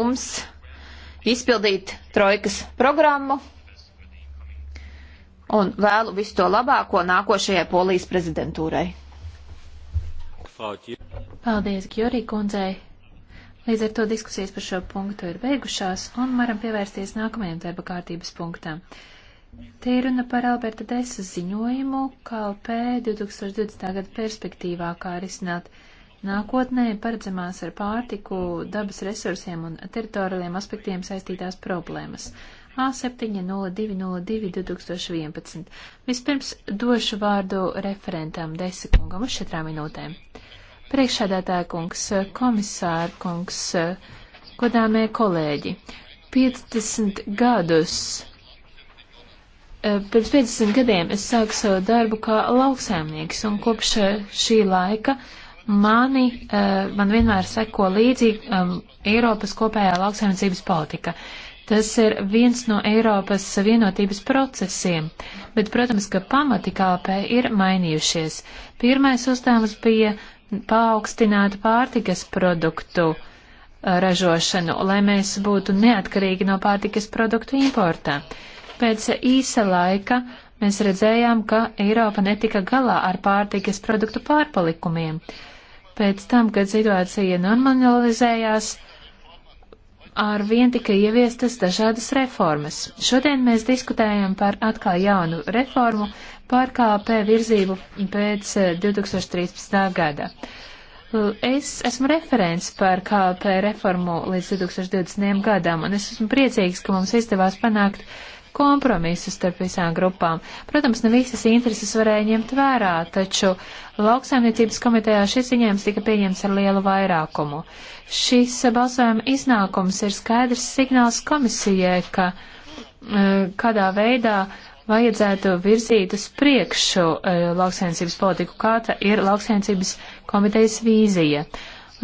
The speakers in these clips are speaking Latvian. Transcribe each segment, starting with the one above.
mums izpildīt trojkas programmu un vēlu visu to labāko nākošajai polijas prezidentūrai. Paldies, Gjorī kundzei! Līdz ar to diskusijas par šo punktu ir beigušās un varam pievērsties nākamajam darba kārtības punktam. Te ir runa par Alberta Desa ziņojumu KLP 2020. gada perspektīvā, kā risināt Nākotnē paredzamās ar pārtiku, dabas resursiem un teritoriāliem aspektiem saistītās problēmas. A702022011. Vispirms došu vārdu referentam Desikungam uz četrām minūtēm. Priekšādātāja kungs, komisāra kungs, godāmie kolēģi, 50 gadus e, pirms 50 gadiem es sāku savu darbu kā lauksaimnieks, un kopš šī laika Mani, eh, man vienmēr seko līdzi um, Eiropas kopējā lauksaimniecības politika. Tas ir viens no Eiropas vienotības procesiem, bet, protams, ka pamati kāpē ir mainījušies. Pirmais uzdevums bija paaugstināt pārtikas produktu eh, ražošanu, lai mēs būtu neatkarīgi no pārtikas produktu importā. Pēc īsa laika mēs redzējām, ka Eiropa netika galā ar pārtikas produktu pārpalikumiem. Pēc tam, kad situācija normalizējās, ar vien tika ieviestas dažādas reformas. Šodien mēs diskutējam par atkal jaunu reformu par KP virzību pēc 2013. Eh, gada. Es esmu referents par KLP reformu līdz 2020. gadam, un es esmu priecīgs, ka mums izdevās panākt uh, kompromisu starp visām grupām. Protams, ne visas intereses varēja ņemt vērā, taču lauksaimniecības komitejā šis ziņojums tika pieņemts ar lielu vairākumu. Šis balsojuma iznākums ir skaidrs signāls komisijai, ka e, kādā veidā vajadzētu virzīt uz priekšu e, lauksaimniecības politiku, kāda ir lauksaimniecības komitejas vīzija.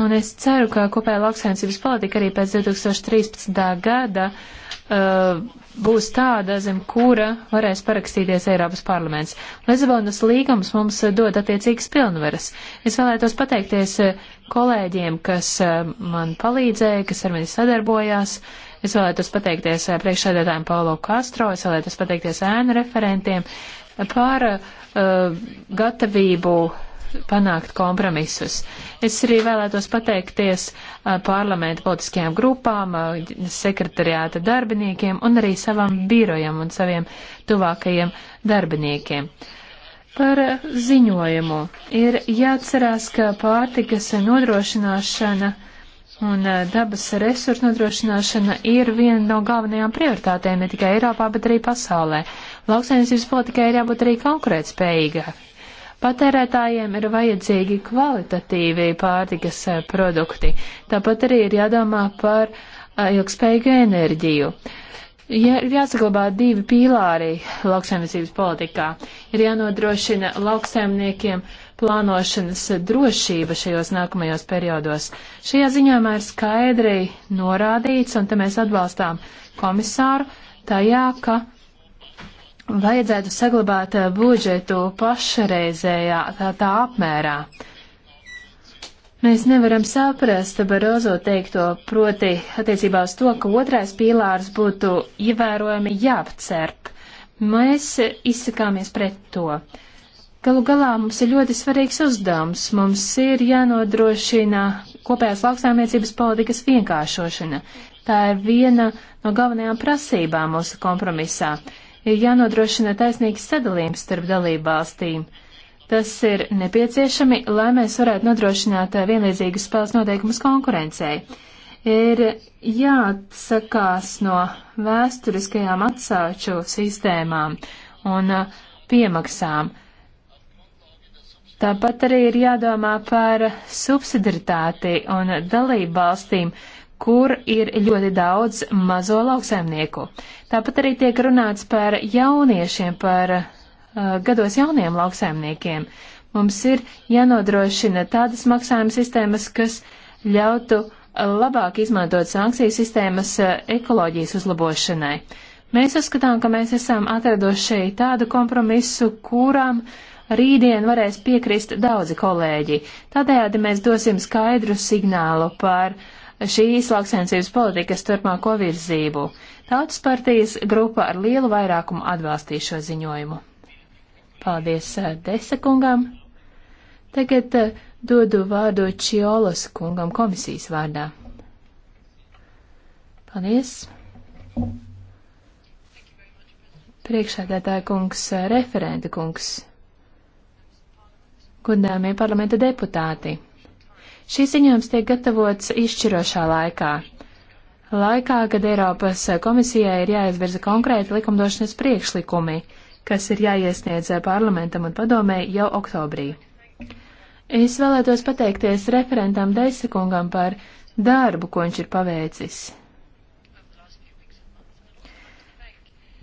Un es ceru, ka kopējā lauksaimniecības politika arī pēc 2013. gada uh, būs tāda, zem kura varēs parakstīties Eiropas parlaments. Lisabonas līgums mums eh, dod attiecīgas pilnvaras. Es vēlētos pateikties eh, kolēģiem, kas eh, man palīdzēja, kas ar mani sadarbojās. Es vēlētos pateikties priekšsēdētājiem Paulo Castro, es vēlētos pateikties ēnu referentiem par uh, gatavību panākt kompromisus. Es arī vēlētos pateikties parlamentu politiskajām grupām, sekretariāta darbiniekiem un arī savam birojam un saviem tuvākajiem darbiniekiem. Par ziņojumu ir jāatcerās, ka pārtikas nodrošināšana un dabas resursu nodrošināšana ir viena no galvenajām prioritātēm ne tikai Eiropā, bet arī pasaulē. Lauksaimniecības politikai ir jābūt arī konkurētspējīgai Patērētājiem ir vajadzīgi kvalitatīvi pārtikas eh, produkti, tāpat arī ir jādomā par eh, ilgspējīgu enerģiju. Ja ir jāsaglabā divi pīlāri lauksaimniecības politikā. Ir jānodrošina lauksaimniekiem plānošanas drošība šajos nākamajos periodos. Šajā ziņojumā ir skaidri norādīts, un te mēs atbalstām komisāru tajā, ka vajadzētu saglabāt eh, budžetu pašreizējā tā, tā apmērā. Mēs nevaram saprast Barozo teikto proti attiecībā uz to, ka otrais pīlārs būtu ievērojami jāapcerp. Mēs izsakāmies pret to. Galu galā mums ir ļoti svarīgs uzdevums. Mums ir jānodrošina kopējās lauksaimniecības politikas vienkāršošana. Tā ir viena no galvenajām prasībām mūsu kompromisā ir jānodrošina taisnīgs sadalījums starp dalībvalstīm. Tas ir nepieciešami, lai mēs varētu nodrošināt eh, vienlīdzīgus spēles noteikumus konkurencei. Ir jāatsakās no vēsturiskajām atsauču sistēmām un eh, piemaksām. Tāpat arī ir jādomā par subsidiritāti un dalību valstīm, uh, kur ir ļoti daudz mazo lauksaimnieku. Tāpat arī tiek runāts par jauniešiem, par uh, gados jauniem lauksaimniekiem. Mums ir jānodrošina tādas maksājuma sistēmas, kas ļautu labāk izmantot sankciju sistēmas uh, ekoloģijas uzlabošanai. Mēs uzskatām, ka mēs esam atraduši tādu kompromisu, kuram rītdien varēs piekrist daudzi kolēģi. Tādējādi mēs dosim skaidru signālu par uh, šīs lauksaimniecības politikas turpmāko virzību. Tautas partijas grupa ar lielu vairākumu atbalstīja šo ziņojumu. Paldies eh, Desekungam. Tagad eh, dodu vārdu Čiolas kungam komisijas vārdā. Paldies. Priekšādātāja kungs, eh, referenta kungs, godāmie parlamenta deputāti. Šīs ziņojums tiek gatavots izšķirošā laikā. Laikā, kad Eiropas komisijai ir jāizvirza konkrēti likumdošanas priekšlikumi, kas ir jāiesniedz parlamentam un padomēji jau oktobrī. Es vēlētos pateikties referentam Deisekungam par darbu, ko viņš ir paveicis.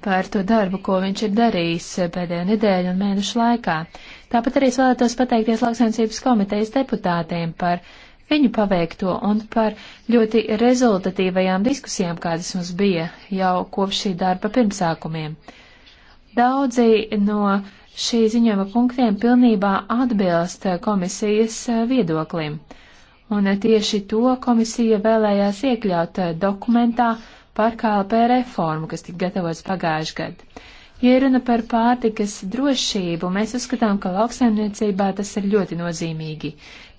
par to darbu, ko viņš ir darījis pēdējo nedēļu un mēnešu laikā. Tāpat arī es vēlētos pateikties lauksaimniecības komitejas deputātiem par viņu paveikto un par ļoti rezultatīvajām diskusijām, kādas mums bija jau kopš šī darba pirmsākumiem. Daudzi no šī ziņojuma punktiem pilnībā atbilst komisijas viedoklim, un tieši to komisija vēlējās iekļaut dokumentā, par KLP reformu, kas tika gatavots pagājuši gadu. Ja runa par pārtikas drošību, mēs uzskatām, ka lauksaimniecībā tas ir ļoti nozīmīgi.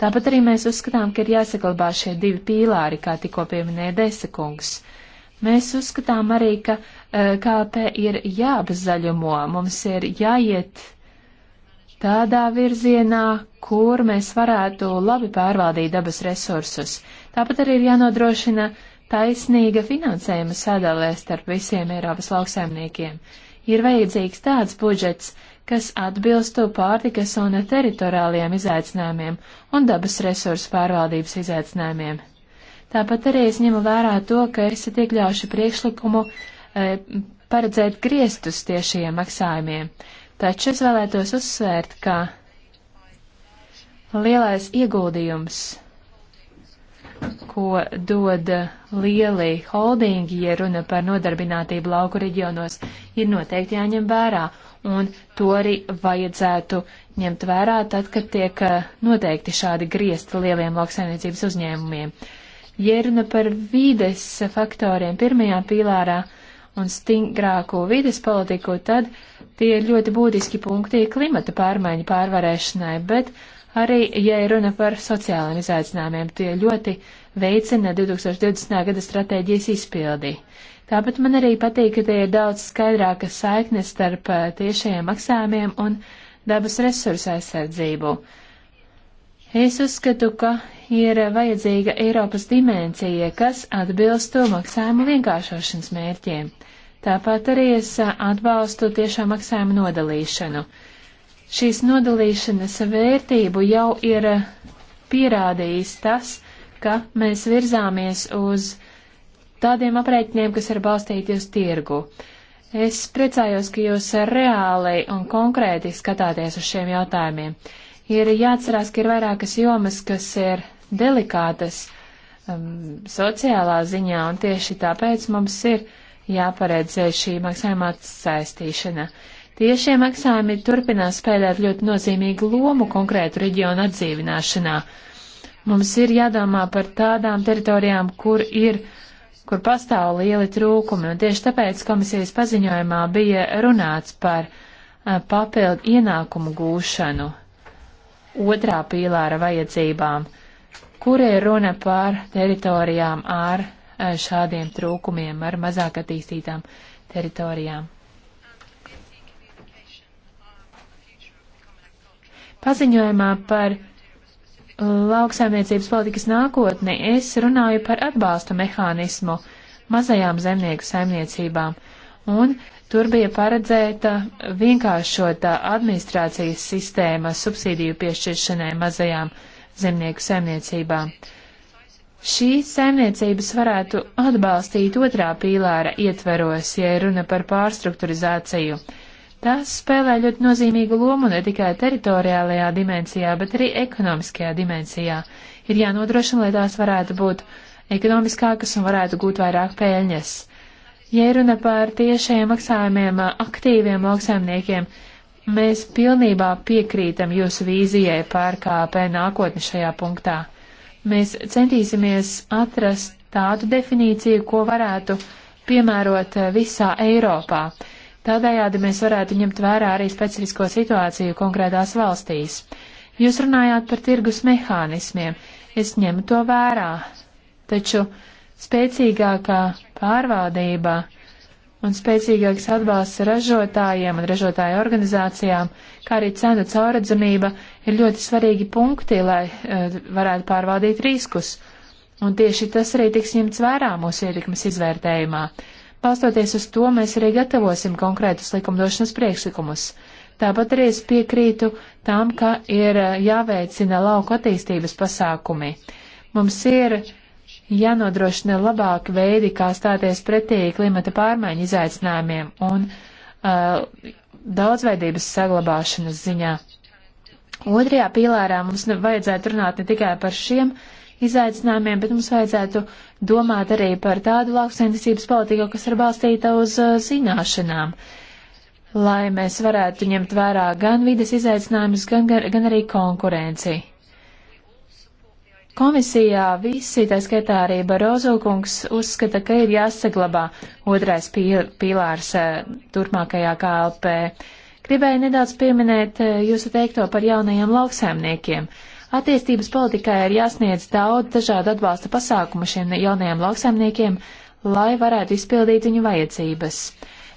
Tāpat arī mēs uzskatām, ka ir jāsaglabā šie divi pīlāri, kā tikko pieminēja Desakungs. Mēs uzskatām arī, ka eh, KLP ir jāapzaļumo, mums ir jāiet tādā virzienā, kur mēs varētu labi pārvaldīt dabas resursus. Tāpat arī ir jānodrošina uh, taisnīga finansējuma sadalē starp visiem Eiropas lauksaimniekiem. Ir vajadzīgs tāds budžets, kas atbilstu pārtikas un teritoriālajiem izaicinājumiem un dabas resursu pārvaldības izaicinājumiem. Tāpat arī es ņemu vērā to, ka es iekļaušu priekšlikumu e, paredzēt griestus tiešajiem maksājumiem, taču es vēlētos uzsvērt, ka lielais ieguldījums ko dod lieli holdingi, ja runa par nodarbinātību lauku reģionos, ir noteikti jāņem vērā, un to arī vajadzētu ņemt vērā tad, kad tiek eh, noteikti šādi griezti lieliem lauksaimniecības uzņēmumiem. Ja runa par vides faktoriem pirmajā pīlārā un stingrāko vides politiku, tad tie ir ļoti būtiski punkti klimata pārmaiņu pārvarēšanai, bet Arī, ja runa par sociālajiem izaicinājumiem, tie ļoti veicina 2020. gada stratēģijas izpildi. Tāpat man arī patīk, ka tie ir daudz skaidrākas saiknes starp eh, tiešajiem maksājumiem un dabas resursu aizsardzību. Es uzskatu, ka ir vajadzīga Eiropas dimensija, kas atbilstu maksājumu vienkāršošanas mērķiem. Tāpat arī es eh, atbalstu tiešā maksājuma nodalīšanu šīs nodalīšanas vērtību jau ir pierādījis tas, ka mēs virzāmies uz tādiem aprēķiniem, kas ir balstīti uz tirgu. Es priecājos, ka jūs reāli un konkrēti skatāties uz šiem jautājumiem. Ir jāatcerās, ka ir vairākas jomas, kas ir delikātas um, sociālā ziņā, un tieši tāpēc mums ir jāparedzē šī maksājumā saistīšana. Uh, Tiešie maksājumi turpinās spēlēt ļoti nozīmīgu lomu konkrētu reģionu atdzīvināšanā. Mums ir jādomā par tādām teritorijām, kur ir kur pastāv lieli trūkumi, un tieši tāpēc komisijas paziņojumā bija runāts par eh, papildu ienākumu gūšanu otrā pīlāra vajadzībām, kur ir runa par teritorijām ar eh, šādiem trūkumiem, ar mazāk attīstītām teritorijām. Paziņojumā par uh, lauksaimniecības politikas nākotni es runāju par atbalsta mehānismu mazajām zemnieku saimniecībām, un tur bija paredzēta vienkāršota administrācijas sistēma subsīdiju piešķiršanai mazajām zemnieku saimniecībām. Šīs saimniecības varētu atbalstīt otrā pīlāra ietveros, ja runa par pārstrukturizāciju. Tās spēlē ļoti nozīmīgu lomu ne tikai teritoriālajā dimensijā, bet arī ekonomiskajā dimensijā. Ir jānodrošina, lai tās varētu būt ekonomiskākas un varētu gūt vairāk pēļņas. Ja runa par tiešajiem maksājumiem aktīviem lauksaimniekiem, mēs pilnībā piekrītam jūsu vīzijai par KP nākotni šajā punktā. Mēs centīsimies atrast tādu definīciju, ko varētu piemērot visā Eiropā Tādējādi mēs varētu ņemt vērā arī specifisko situāciju konkrētās valstīs. Jūs runājāt par tirgus mehānismiem. Es ņemu to vērā. Taču spēcīgākā pārvaldība un spēcīgāks atbalsts ražotājiem un ražotāju organizācijām, kā arī cenu caurredzamība ir ļoti svarīgi punkti, lai uh, varētu pārvaldīt riskus. Un tieši tas arī tiks ņemts vērā mūsu ietekmes izvērtējumā. Uh, Balstoties uz to, mēs arī gatavosim konkrētus likumdošanas priekšlikumus. Tāpat arī es piekrītu tam, ka ir eh, jāveicina lauku attīstības pasākumi. Mums ir jānodrošina labāki veidi, kā stāties pretī klimata pārmaiņu izaicinājumiem un uh, daudzveidības saglabāšanas ziņā. Otrajā pīlārā mums vajadzētu runāt ne tikai par šiem uh, izaicinājumiem, bet mums vajadzētu domāt arī par tādu lauksaimniecības politiku, kas ir balstīta uz uh, zināšanām, lai mēs varētu ņemt vērā gan vides izaicinājumus, gan, gan arī konkurenci. Komisijā visi, tā skaitā arī Barozo kungs, uzskata, ka ir jāsaglabā otrais pīlārs uh, turpmākajā KLP. Gribēju nedaudz pieminēt uh, jūsu teikto par jaunajiem lauksaimniekiem. Uh, Attīstības politikai ir jāsniedz daudz dažādu atbalsta pasākumu šiem jaunajiem lauksaimniekiem, lai varētu izpildīt viņu vajadzības.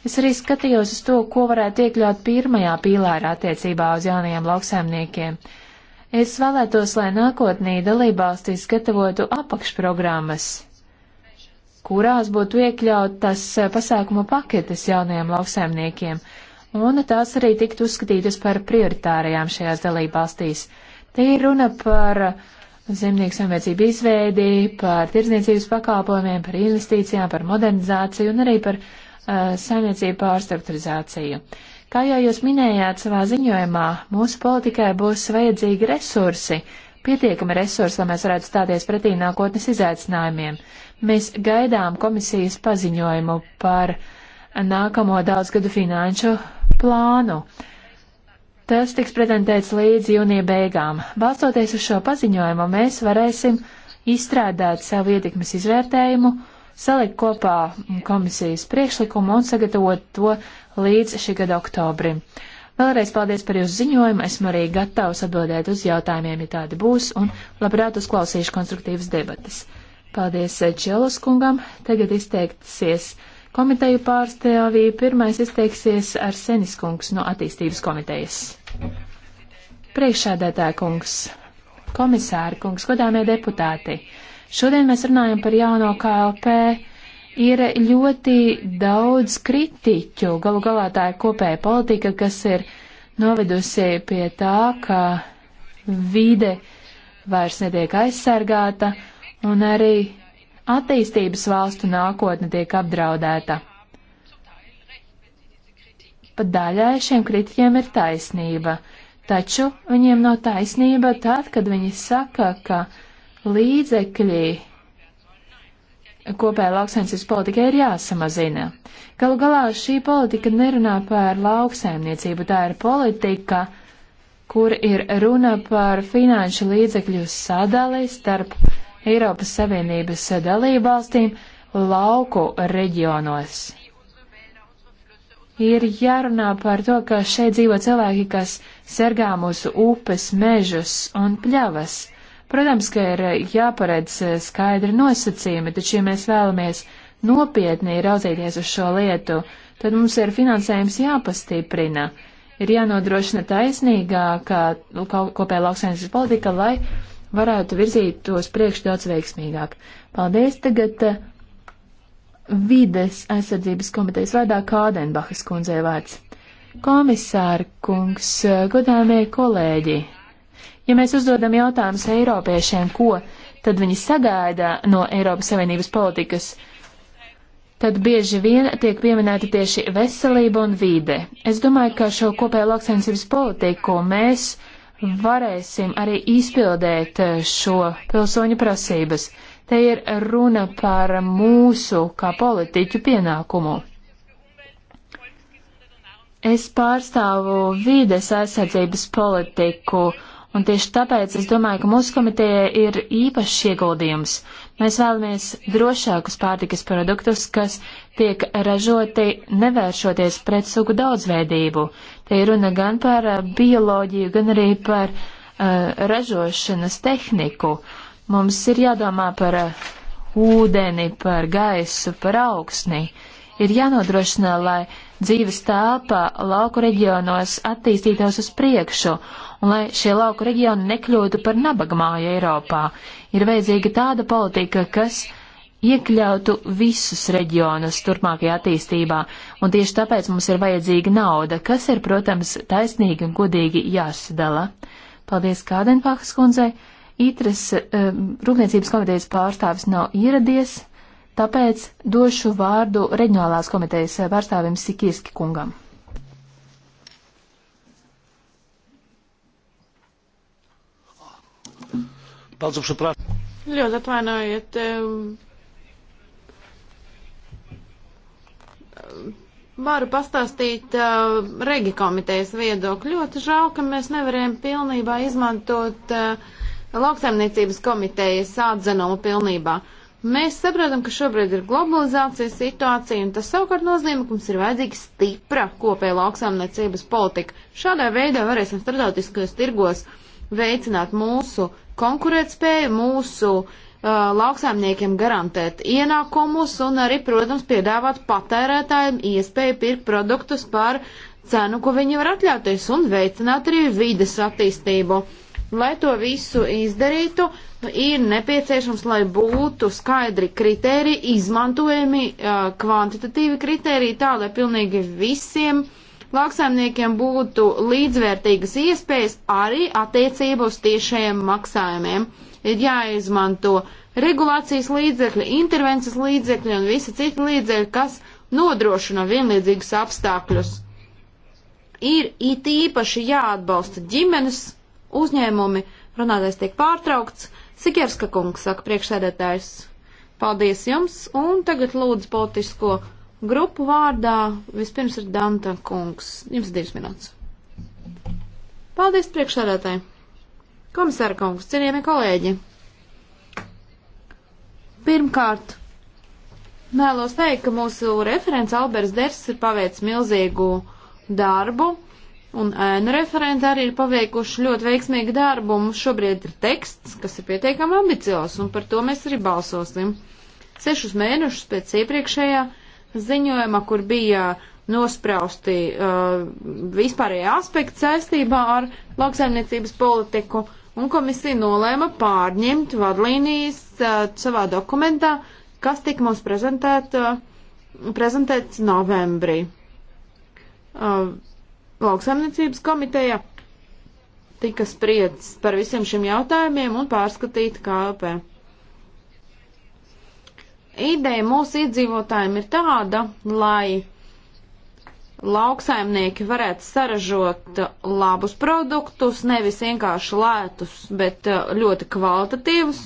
Es arī skatījos uz to, ko varētu iekļaut pirmajā pīlārā attiecībā uz jaunajiem lauksaimniekiem. Es vēlētos, lai nākotnī dalībvalstīs gatavotu apakšprogrammas, kurās būtu iekļautas pasākuma paketes jaunajiem lauksaimniekiem, un tās arī tiktu uzskatītas par prioritārajām šajās dalībvalstīs. valstīs. Te ir runa par zemnieku samniecību izveidi, par tirdzniecības pakalpojumiem, par investīcijām, par modernizāciju un arī par uh, eh, samniecību pārstrukturizāciju. Kā jau jūs minējāt savā ziņojumā, mūsu politikai būs vajadzīgi resursi, pietiekami resursi, lai mēs varētu stāties pretī nākotnes izaicinājumiem. Mēs gaidām komisijas paziņojumu par nākamo daudzgadu finanšu plānu. Uh, Tas tiks prezentēts līdz jūnija beigām. Balstoties uz šo paziņojumu, mēs varēsim izstrādāt savu ietekmes izvērtējumu, salikt kopā komisijas priekšlikumu un sagatavot to līdz šī gada oktobrim. Vēlreiz paldies par jūsu ziņojumu. Esmu arī gatavs atbildēt uz jautājumiem, ja tādi būs, un labprāt uzklausīšu konstruktīvas debatas. Paldies eh, Čelus kungam. Tagad izteiksies komiteju pārstāvību. Pirmais izteiksies ar Seniskungs no attīstības komitejas. Priekšsēdētāja kungs, komisāra kungs, godāmie deputāti. Šodien mēs runājam par jauno KLP. Ir ļoti daudz kritiķu. Galu galā tā ir kopēja politika, kas ir novedusi pie tā, ka vide vairs netiek aizsargāta un arī attīstības valstu nākotne tiek apdraudēta. Pat daļai šiem kritiķiem ir taisnība, taču viņiem nav taisnība tad, kad viņi saka, ka līdzekļi kopēja lauksaimniecības politikai ir jāsamazina. Galu galā šī politika nerunā par lauksaimniecību, tā ir politika, kur ir runa par finanšu līdzekļu sadali starp Eiropas Savienības dalībvalstīm lauku reģionos. Ir jārunā par to, ka šeit dzīvo cilvēki, kas sergā mūsu upes, mežus un pļavas. Protams, ka ir jāparedz skaidri nosacījumi, taču, ja mēs vēlamies nopietni raudzīties uz šo lietu, tad mums ir finansējums jāpastiprina. Ir jānodrošina taisnīgāka kopēja lauksaimniecības politika, lai varētu virzīt tos priekš daudz veiksmīgāk. Paldies tagad eh, vides aizsardzības komitejas vārdā Kādenbahas kundzei vārds. Komisāra kungs, eh, godāmie kolēģi, ja mēs uzdodam jautājumus eiropiešiem, ko tad viņi sagaida no Eiropas Savienības politikas, tad bieži vien tiek pieminēta tieši veselība un vīde. Es domāju, ka šo kopējo lauksaimniecības politiku mēs varēsim arī izpildēt eh, šo pilsoņu prasības. Te ir runa par mūsu kā politiķu pienākumu. Es pārstāvu vīdes aizsardzības politiku, un tieši tāpēc es domāju, ka mūsu komitejai ir īpašs ieguldījums. Mēs vēlamies drošākus pārtikas produktus, kas tiek ražoti nevēršoties pret sugu daudzveidību. Te ir runa gan par eh, bioloģiju, gan arī par uh, ražošanas tehniku. Mums ir jādomā par uh, ūdeni, par gaisu, par augsni. Ir jānodrošina, lai dzīves telpa lauku reģionos attīstītos uz priekšu, un lai šie lauku reģioni nekļūtu par nabagmāju Eiropā. Ir vajadzīga tāda politika, kas uh, iekļautu visus reģionus turpmākajā attīstībā, un tieši tāpēc mums ir vajadzīga nauda, kas ir, protams, taisnīgi un godīgi jāsadala. Paldies Kādenpahas kundzei. Itras um, Rūpniecības komitejas pārstāvis nav ieradies, tāpēc došu vārdu reģionālās komitejas pārstāvim Sikieski kungam. Ļoti atvainojiet. Um varu pastāstīt uh, Regi komitejas viedokļu. Ļoti žēl, ka mēs nevarējām pilnībā izmantot uh, lauksaimniecības komitejas atzinumu pilnībā. Mēs saprotam, ka šobrīd ir globalizācijas situācija, un tas savukārt nozīmē, ka mums ir vajadzīga stipra kopēja lauksaimniecības politika. Šādā veidā varēsim starptautiskajos tirgos veicināt mūsu konkurētspēju, mūsu uh, Uh, lauksaimniekiem garantēt ienākumus un arī, protams, piedāvāt patērētājiem iespēju pirkt produktus par cenu, ko viņi var atļauties un veicināt arī vides attīstību. Lai to visu izdarītu, ir nepieciešams, lai būtu skaidri kritēriji, izmantojami uh, kvantitatīvi kritēriji, tā lai pilnīgi visiem lauksaimniekiem būtu līdzvērtīgas iespējas arī attiecībā uz tiešajiem maksājumiem ir jāizmanto regulācijas līdzekļi, intervences līdzekļi un visi citi līdzekļi, kas nodrošina vienlīdzīgus apstākļus. Ir it īpaši jāatbalsta ģimenes uzņēmumi, runātais tiek pārtraukts, Sikierska kungs saka priekšsēdētājs. Paldies jums, un tagad lūdzu politisko grupu vārdā vispirms ir Danta kungs. Jums divas minūtes. Paldies priekšsēdētāji. Komisāra kungs, cienījami kolēģi! Pirmkārt, vēlos teikt, ka mūsu referents Alberts Ders ir paveicis milzīgu darbu, un ēnu referenti arī ir paveikuši ļoti veiksmīgu darbu. Mums šobrīd ir teksts, kas ir pietiekami ambiciozs, un par to mēs arī balsosim. Sešus mēnešus pēc iepriekšējā ziņojuma, kur bija nosprausti uh, vispārējie aspekti saistībā ar lauksaimniecības politiku. Uh, un komisija nolēma pārņemt vadlīnijas uh, savā dokumentā, kas tika mums prezentēt, uh, prezentēts novembrī. Uh, lauksaimniecības komiteja tika spriests par visiem šiem jautājumiem un pārskatīta KLP. Ideja mūsu iedzīvotājiem ir tāda, lai lauksaimnieki varētu saražot uh, labus produktus, nevis vienkārši lētus, bet uh, ļoti kvalitatīvus.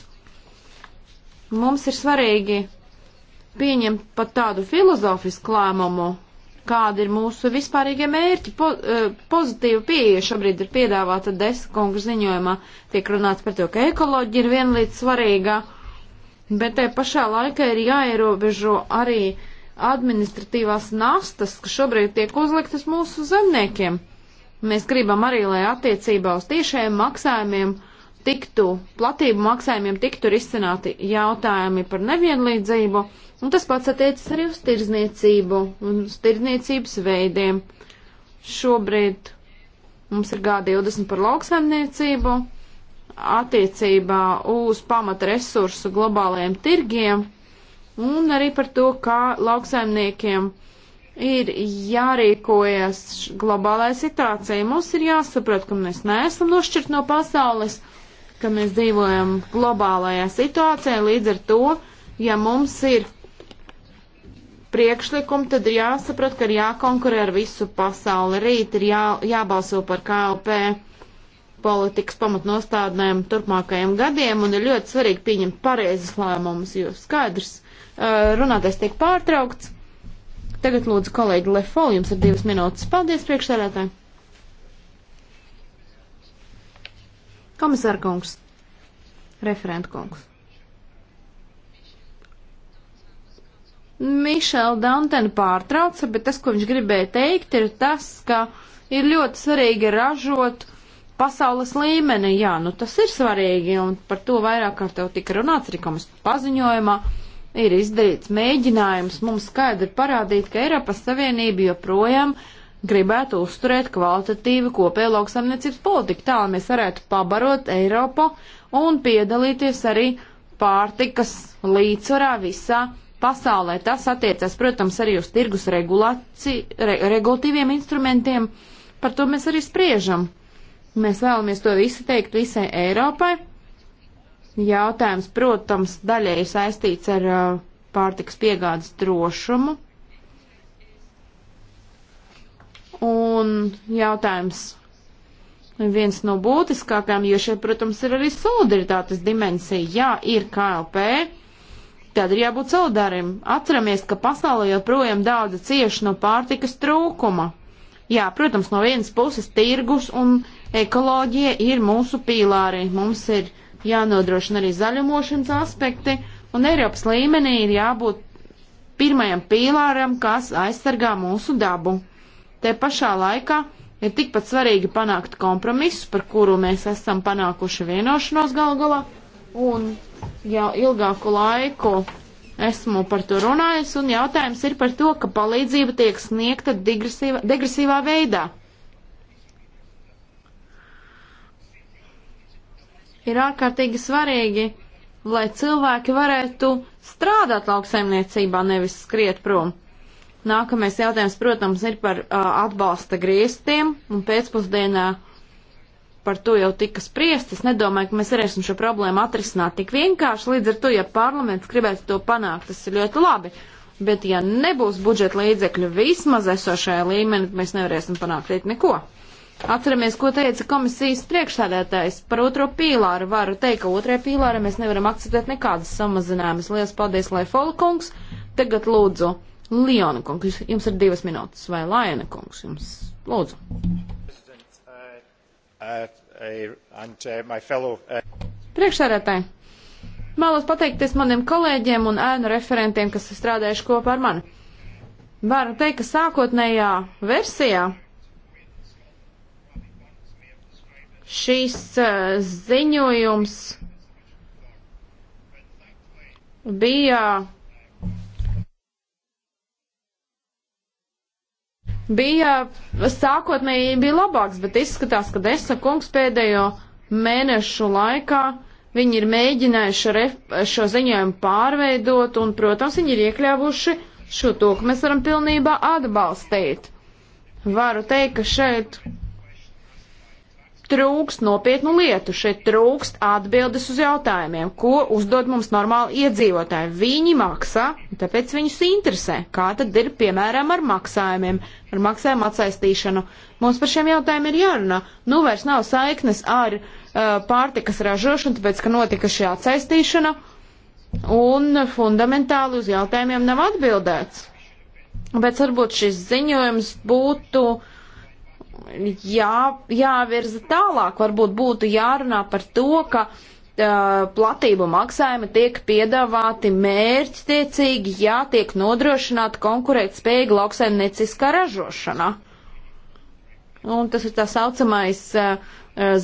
Mums ir svarīgi pieņemt pat tādu filozofisku lēmumu, kāda ir mūsu vispārīgie mērķi. Po, uh, pozitīva pieeja šobrīd ir piedāvāta deskungu ziņojumā. Tiek runāts par to, ka ekoloģija ir vienlīdz svarīga, bet te pašā laikā ir jāierobežo arī uh, administratīvās nastas, kas šobrīd tiek uzliktas mūsu zemniekiem. Mēs gribam arī, lai attiecībā uz tiešajiem maksājumiem tiktu, platību maksājumiem tiktu risināti jautājumi par nevienlīdzību, un tas pats attiecas arī uz tirzniecību un uz tirzniecības veidiem. Šobrīd mums ir G20 par lauksaimniecību, attiecībā uz pamatresursu globālajiem tirgiem un arī par to, kā lauksaimniekiem ir jārīkojas globālajā situācijā. Mums ir jāsaprot, ka mēs neesam nošķirt no pasaules, ka mēs dzīvojam globālajā situācijā, līdz ar to, ja mums ir priekšlikumi, tad ir jāsaprot, ka ir jākonkurē ar visu pasauli. Rīt ir jā, jābalso par KLP politikas pamatnostādnēm turpmākajiem gadiem, un ir ļoti svarīgi pieņemt pareizus lēmumus, jo skaidrs, Eh, runātais tiek pārtraukts. Tagad lūdzu kolēģi Lefo, jums ir divas minūtes. Paldies, priekšsēdētāji. Komisāra kungs, referenta kungs. Mišela Dantena pārtrauca, bet tas, ko viņš gribēja teikt, ir tas, ka ir ļoti svarīgi ražot pasaules līmeni. Jā, nu tas ir svarīgi, un par to vairāk kārt jau tika runāts arī komisijas paziņojumā. Uh, ir izdarīts mēģinājums mums skaidri parādīt, ka Eiropas Savienība joprojām gribētu uzturēt kvalitatīvu kopēju lauksamniecības politiku. Tā mēs varētu pabarot Eiropu un piedalīties arī pārtikas līdzsvarā visā pasaulē. Tas attiecas, protams, arī uz tirgus regulāci, re, regulatīviem instrumentiem. Par to mēs arī spriežam. Mēs vēlamies to visu teikt visai Eiropai Jautājums, protams, daļēji saistīts ar uh, pārtiks piegādes drošumu. Un jautājums viens no būtiskākajiem, jo šeit, protams, ir arī solidaritātes dimensija. Jā, ir KLP, tad ir jābūt solidāriem. Atceramies, ka pasaulē joprojām daudzi cieši no pārtikas trūkuma. Jā, protams, no vienas puses tirgus un ekoloģija ir mūsu pīlāri. Mums ir uh, jānodrošina arī zaļumošanas aspekti, un Eiropas līmenī ir jābūt pirmajam pīlāram, kas aizsargā mūsu dabu. Te pašā laikā ir tikpat svarīgi panākt kompromisu, par kuru mēs esam panākuši vienošanos galu galā, un jau ilgāku laiku esmu par to runājis, un jautājums ir par to, ka palīdzība tiek sniegta degresīvā veidā. ir ārkārtīgi svarīgi, lai cilvēki varētu strādāt lauksaimniecībā, nevis skriet prom. Nākamais jautājums, protams, ir par uh, atbalsta griestiem, un pēcpusdienā par to jau tika spriest. Es nedomāju, ka mēs varēsim šo problēmu atrisināt tik vienkārši. Līdz ar to, ja parlaments gribētu to panākt, tas ir ļoti labi. Bet, ja nebūs budžeta līdzekļu vismaz esošajā līmenī, mēs nevarēsim panākt neko. Atceramies, ko teica komisijas priekšsēdētājs par otro pīlāru. Varu teikt, ka otrajā pīlārā mēs nevaram akceptēt nekādas samazinājumas. Lielas paldies, Laifola kungs. Tagad lūdzu, Liona kungs, jums ir divas minūtes, vai Laina kungs, jums lūdzu. Priekšsēdētāji, vēlos pateikties maniem kolēģiem un ēnu referentiem, kas ir strādājuši kopā ar mani. Varu teikt, ka sākotnējā versijā Šīs uh, ziņojums bija bija sākotnēji bija labāks, bet izskatās, ka Desa kungs pēdējo mēnešu laikā viņi ir mēģinājuši ref, šo ziņojumu pārveidot, un, protams, viņi ir iekļāvuši šo to, ka mēs varam pilnībā atbalstīt. Varu teikt, ka šeit trūkst nopietnu lietu, šeit trūkst atbildes uz jautājumiem, ko uzdod mums normāli iedzīvotāji. Viņi maksā, tāpēc viņus interesē, kā tad ir, piemēram, ar maksājumiem, ar maksājumu atsaistīšanu. Mums par šiem jautājumiem ir jārunā. Nu, vairs nav saiknes ar uh, pārtikas ražošanu, tāpēc, ka notika šī atsaistīšana, un fundamentāli uz jautājumiem nav atbildēts. Bet varbūt šis ziņojums būtu uh, jā, jāvirza tālāk. Varbūt būtu jārunā par to, ka uh, platību maksājumi tiek piedāvāti mērķtiecīgi, jā, tiek nodrošināta konkurētspējīga lauksaimnieciskā ražošanā. Un tas ir tā saucamais uh,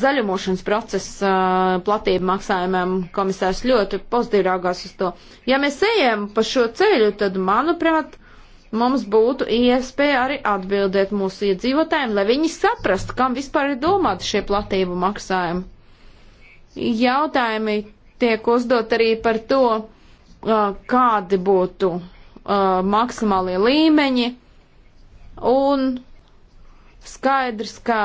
zaļumošanas process uh, platību maksājumiem. Komisārs ļoti pozitīvi raugās uz to. Ja mēs ejam pa šo ceļu, tad, manuprāt, uh, mums būtu iespēja arī atbildēt mūsu iedzīvotājiem, lai viņi saprastu, kam vispār ir domāti šie platību maksājumi. Jautājumi tiek uzdot arī par to, kādi būtu maksimālie līmeņi, un skaidrs, ka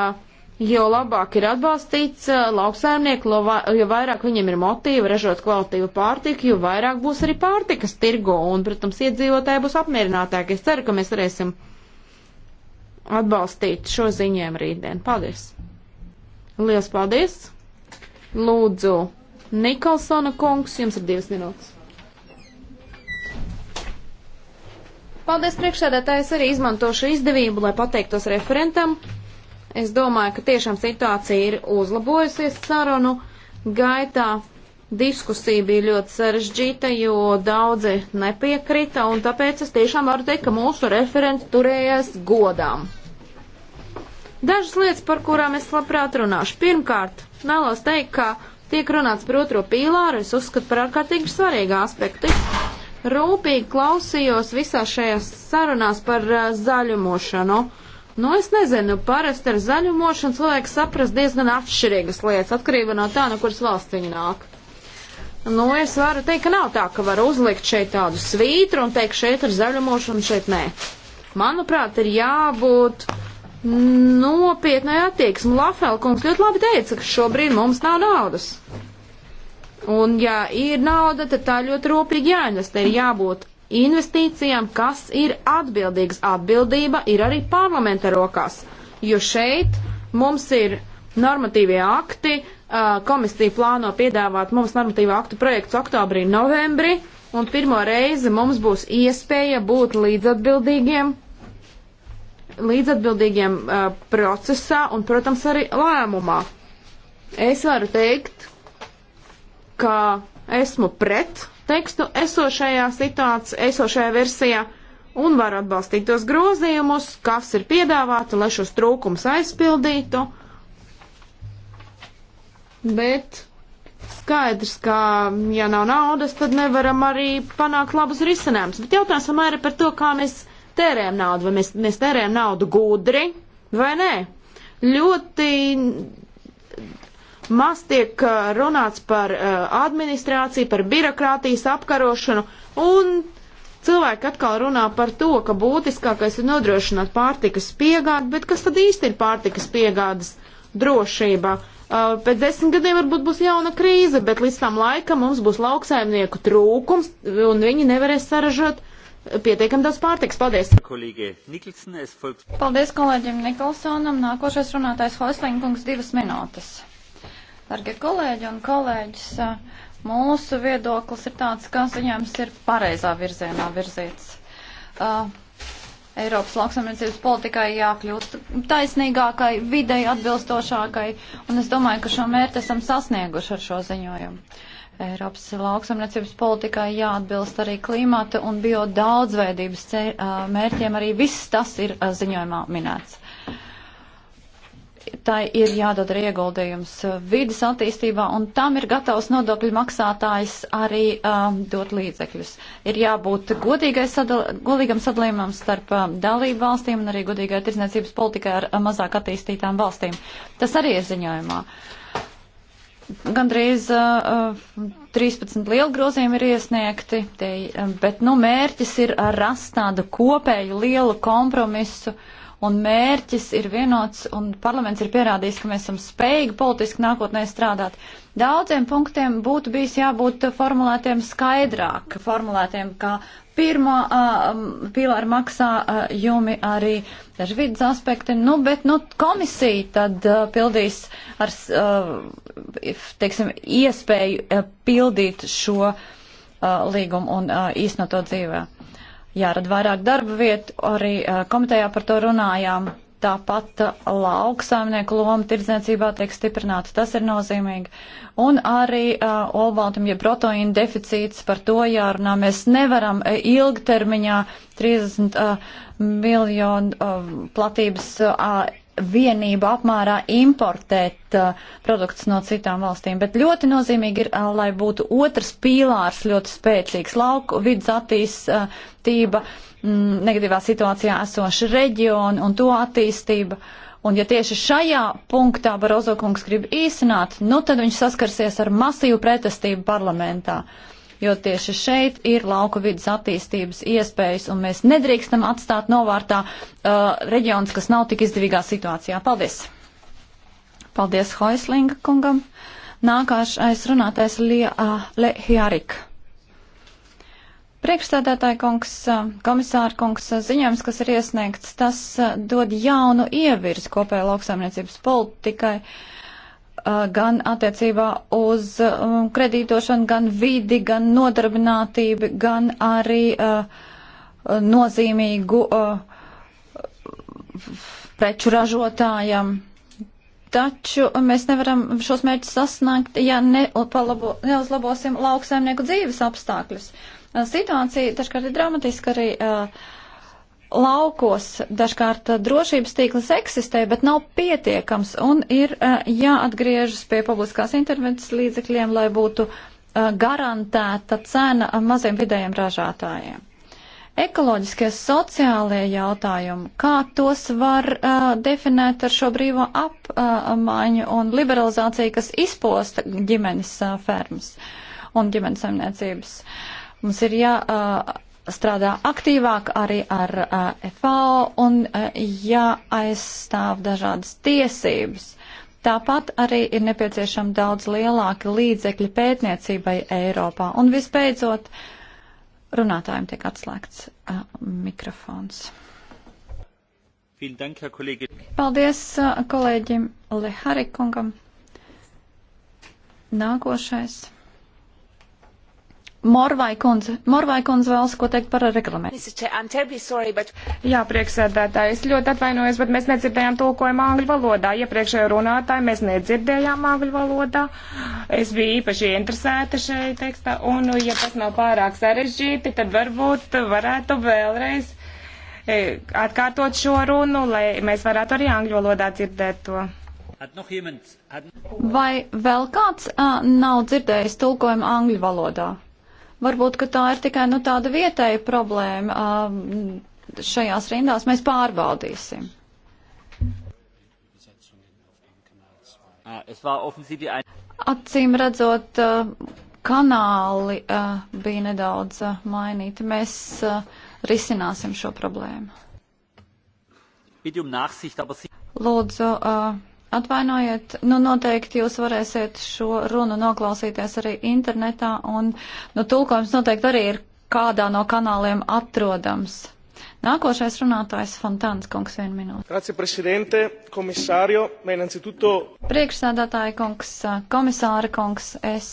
jo labāk ir atbalstīts eh, lauksaimnieku, jo vairāk viņiem ir motīva ražot kvalitīvu pārtiku, jo vairāk būs arī pārtikas tirgo, un, protams, iedzīvotāji būs apmierinātāki. Es ceru, ka mēs varēsim atbalstīt šo ziņojumu rītdien. Paldies! Lielas paldies! Lūdzu, Nikolsona kungs, jums ir divas minūtes. Paldies priekšsēdētājs arī izmantošu izdevību, lai pateiktos referentam Es domāju, ka tiešām situācija ir uzlabojusies sarunu gaitā. Diskusija bija ļoti sarežģīta, jo daudzi nepiekrita, un tāpēc es tiešām varu teikt, ka mūsu referenti turējās godām. Dažas lietas, par kurām es labprāt runāšu. Pirmkārt, vēlos teikt, ka tiek runāts par otro pīlāru, es uzskatu par ārkārtīgi svarīgu aspektu. Rūpīgi klausījos visā šajās sarunās par uh, zaļumošanu. Uh, Nu, es nezinu, parasti ar zaļumošanu cilvēki saprast diezgan atšķirīgas lietas, atkarībā no tā, no kuras valsts viņi nāk. Nu, es varu teikt, ka nav tā, ka var uzlikt šeit tādu svītru un teikt, šeit ir zaļumošana, šeit nē. Manuprāt, ir jābūt nopietnai attieksmi. Lafelkungs ļoti labi teica, ka šobrīd mums nav naudas. Un, ja ir nauda, tad tā ļoti rūpīgi jāinvestē. Ir jābūt investīcijām, kas ir atbildīgas. Atbildība ir arī parlamenta rokās, jo šeit mums ir normatīvie akti, komisija plāno piedāvāt mums normatīvu aktu projektu oktobrī, novembrī, un pirmo reizi mums būs iespēja būt līdzatbildīgiem, līdzatbildīgiem procesā un, protams, arī lēmumā. Es varu teikt, ka esmu pret tekstu esošajā situācijā, esošajā versijā un var atbalstīt tos grozījumus, kas ir piedāvāti, lai šos trūkums aizpildītu. Bet skaidrs, ka ja nav naudas, tad nevaram arī panākt labus risinājumus. Bet jautājums vienmēr ir par to, kā mēs tērējam naudu, vai mēs, mēs tērējam naudu gudri vai nē. Ļoti Maz tiek uh, runāts par uh, administrāciju, par birokrātijas apkarošanu, un cilvēki atkal runā par to, ka būtiskākais ir nodrošināt pārtikas piegādi, bet kas tad īsti ir pārtikas piegādes drošība? Uh, pēc desmit gadiem varbūt būs jauna krīze, bet līdz tam laikam mums būs lauksaimnieku trūkums, un viņi nevarēs saražot pietiekam daudz pārtiks. Paldies! Paldies kolēģim Nikolsonam. Nākošais runātājs Hoislinkungs divas minūtes. Dargie kolēģi un kolēģis, mūsu viedoklis ir tāds, ka ziņojums ir pareizā virzienā virzīts. Uh, Eiropas lauksamniecības politikai jākļūst taisnīgākai, videi atbilstošākai, un es domāju, ka šo mērķi esam sasnieguši ar šo ziņojumu. Eiropas lauksamniecības politikai jāatbilst arī klimata un bio daudzveidības mērķiem, arī viss tas ir ziņojumā minēts tai ir jādod arī ieguldījums uh, vidas attīstībā, un tam ir gatavs nodokļu maksātājs arī um, dot līdzekļus. Ir jābūt sadal godīgam sadalījumam starp um, dalību valstīm un arī godīgai tirzniecības politikai ar um, mazāk attīstītām valstīm. Tas arī ir ziņojumā. Gandrīz uh, 13 lielu grozījumi ir iesniegti, te, um, bet nu, mērķis ir rast tādu kopēju lielu kompromisu. Uh, un mērķis ir vienots, un parlaments ir pierādījis, ka mēs esam spējīgi politiski nākotnē strādāt. Daudziem punktiem būtu bijis jābūt formulētiem skaidrāk, formulētiem kā pirmā uh, pīlāra maksā uh, jumi arī daži vidas aspekti, nu, bet, nu, komisija tad uh, pildīs ar, uh, teiksim, iespēju uh, pildīt šo uh, līgumu un uh, īstenot to dzīvē jārada vairāk darba vietu, arī eh, komitejā par to runājām. Tāpat eh, lauksaimnieku loma tirdzniecībā tiek stiprināta, tas ir nozīmīgi. Un arī uh, eh, olbaltum, ja proteīna deficīts, par to jārunā. Mēs nevaram ilgtermiņā 30 uh, miljonu uh, platības. Uh, vienību apmērā importēt uh, produktus no citām valstīm, bet ļoti nozīmīgi ir, uh, lai būtu otrs pīlārs ļoti spēcīgs - lauku vidas attīstība, mm, negatīvā situācijā esoši reģioni un to attīstība. Un ja tieši šajā punktā Barozo kungs grib īsināt, nu tad viņš saskarsies ar masīvu pretestību parlamentā. Uh, jo tieši šeit ir lauku vidas attīstības iespējas, un mēs nedrīkstam atstāt novārtā uh, reģions, kas nav tik izdevīgā situācijā. Paldies! Paldies Hoislinga kungam! Nākāšais runātais Lija uh, Lehiarik. Priekšstādātāja kungs, uh, komisāra kungs, uh, ziņojums, kas ir iesniegts, tas uh, dod jaunu ievirs kopējai lauksaimniecības politikai. Uh, gan attiecībā uz kredītošanu, gan vidi, gan nodarbinātību, gan arī nozīmīgu preču ražotājam. Taču mēs nevaram šos mērķus sasniegt, ja nepalabo, neuzlabosim lauksaimnieku dzīves apstākļus. Situācija taškārt ir dramatiska arī uh, laukos dažkārt eh, drošības tīkls eksistē, bet nav pietiekams un ir uh, jāatgriežas pie publiskās intervences līdzekļiem, lai būtu uh, garantēta cena maziem vidējiem ražātājiem. Ekoloģiskie sociālie jautājumi, kā tos var uh, definēt ar šo brīvo apmaiņu uh, un liberalizāciju, kas izposta ģimenes uh, fermas un ģimenes saimniecības. Mums ir jā. Uh, jāstrādā aktīvāk arī ar uh, eh, FAO un uh, jāaizstāv dažādas tiesības. Tāpat arī ir nepieciešama daudz lielāka līdzekļa pētniecībai Eiropā. Un visbeidzot, runātājiem tiek atslēgts uh, mikrofons. Paldies kolēģim Leharikungam. Nākošais. Morvai kundze, Morvai kundze vēlas ko teikt par reglamentu. Jā, priekšsēdētāji, es ļoti atvainojos, bet mēs nedzirdējām tulkojumu angļu valodā. Iepriekšējo runātāju mēs nedzirdējām angļu valodā. Es biju īpaši interesēta šeit tekstā, un, nu, ja tas nav pārāk sarežģīti, tad varbūt varētu vēlreiz e, atkārtot šo runu, lai mēs varētu arī angļu valodā dzirdēt to. Vai vēl kāds uh, nav dzirdējis tulkojumu angļu valodā? Varbūt, ka tā ir tikai nu, tāda vietēja problēma. Šajās rindās mēs pārbaudīsim. Acīm redzot, kanāli bija nedaudz mainīti. Mēs risināsim šo problēmu. Um Lūdzu, Atvainojiet, nu noteikti jūs varēsiet šo runu noklausīties arī internetā, un nu, tulkojums noteikti arī ir kādā no kanāliem atrodams. Nākošais runātājs Fontāns kungs vienu minūti. Grazie, prezidente, komisārio, mēnensitūto. Priekšsēdētāji kungs, komisāri kungs, es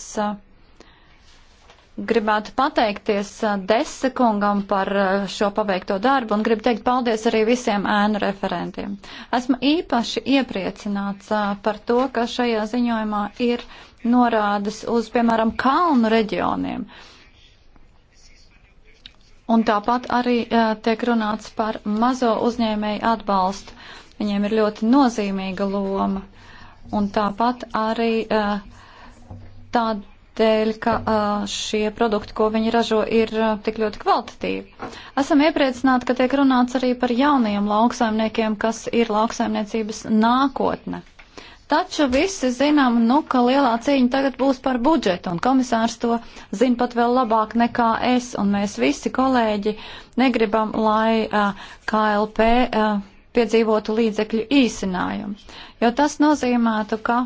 Gribētu pateikties Desekungam par šo paveikto darbu un gribu teikt paldies arī visiem ēnu referentiem. Esmu īpaši iepriecināts par to, ka šajā ziņojumā ir norādes uz, piemēram, kalnu reģioniem. Un tāpat arī tiek runāts par mazo uzņēmēju atbalstu. Viņiem ir ļoti nozīmīga loma. Un tāpat arī tāda dēļ, ka uh, šie produkti, ko viņi ražo, ir uh, tik ļoti kvalitatīvi. Esam iepriecināti, ka tiek runāts arī par jaunajiem lauksaimniekiem, kas ir lauksaimniecības nākotne. Taču visi zinām, nu, ka lielā cīņa tagad būs par budžetu, un komisārs to zina pat vēl labāk nekā es, un mēs visi kolēģi negribam, lai uh, KLP uh, piedzīvotu līdzekļu īsinājumu, jo tas nozīmētu, ka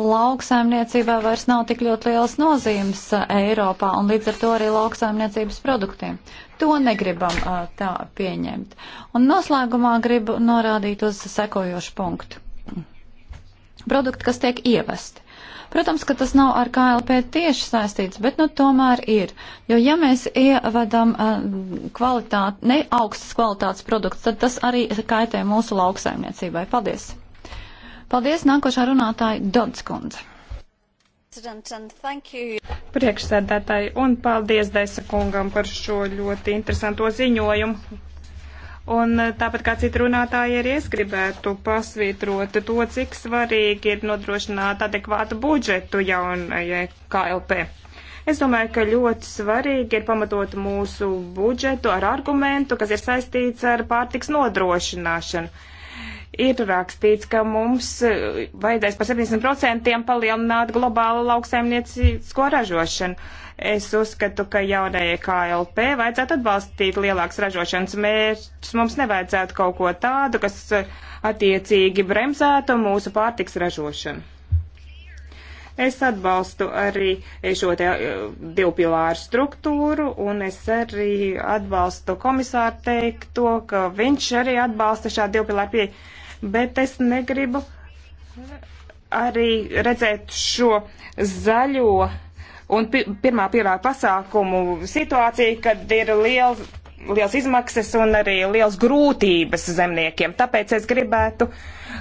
lauksaimniecībā vairs nav tik ļoti liels nozīmes uh, Eiropā un līdz ar to arī lauksaimniecības produktiem. To negribam uh, tā pieņemt. Un noslēgumā gribu norādīt uz sekojošu punktu. Produkti, kas tiek ievesti. Protams, ka tas nav ar KLP tieši saistīts, bet nu tomēr ir. Jo ja mēs ievedam uh, kvalitāt, ne augstas kvalitātes produktus, tad tas arī kaitē mūsu lauksaimniecībai. Paldies! Paldies, nākošā runātāja Dodskundze. Priekšsēdētāji, un paldies Desa kungam par šo ļoti interesanto ziņojumu. Un eh, tāpat kā citi runātāji, arī es gribētu pasvītrot to, cik svarīgi ir nodrošināt adekvātu budžetu jaunajai KLP. Es domāju, ka ļoti svarīgi ir pamatot mūsu budžetu ar argumentu, kas ir saistīts ar pārtiks nodrošināšanu ir rakstīts, ka mums eh, vajadzēs par 70% palielināt globālu lauksaimniecisko ražošanu. Es uzskatu, ka jaunajai KLP vajadzētu atbalstīt lielāks ražošanas mērķus. Mums nevajadzētu kaut ko tādu, kas eh, attiecīgi bremzētu mūsu pārtiks ražošanu. Es atbalstu arī šo te eh, divpilāru struktūru, un es arī atbalstu komisāru teikto, ka viņš arī atbalsta šādu divpilāru pieeju bet es negribu arī redzēt šo zaļo un pirmā pīlāra pasākumu situāciju, kad ir liels, liels izmaksas un arī liels grūtības zemniekiem. Tāpēc es gribētu,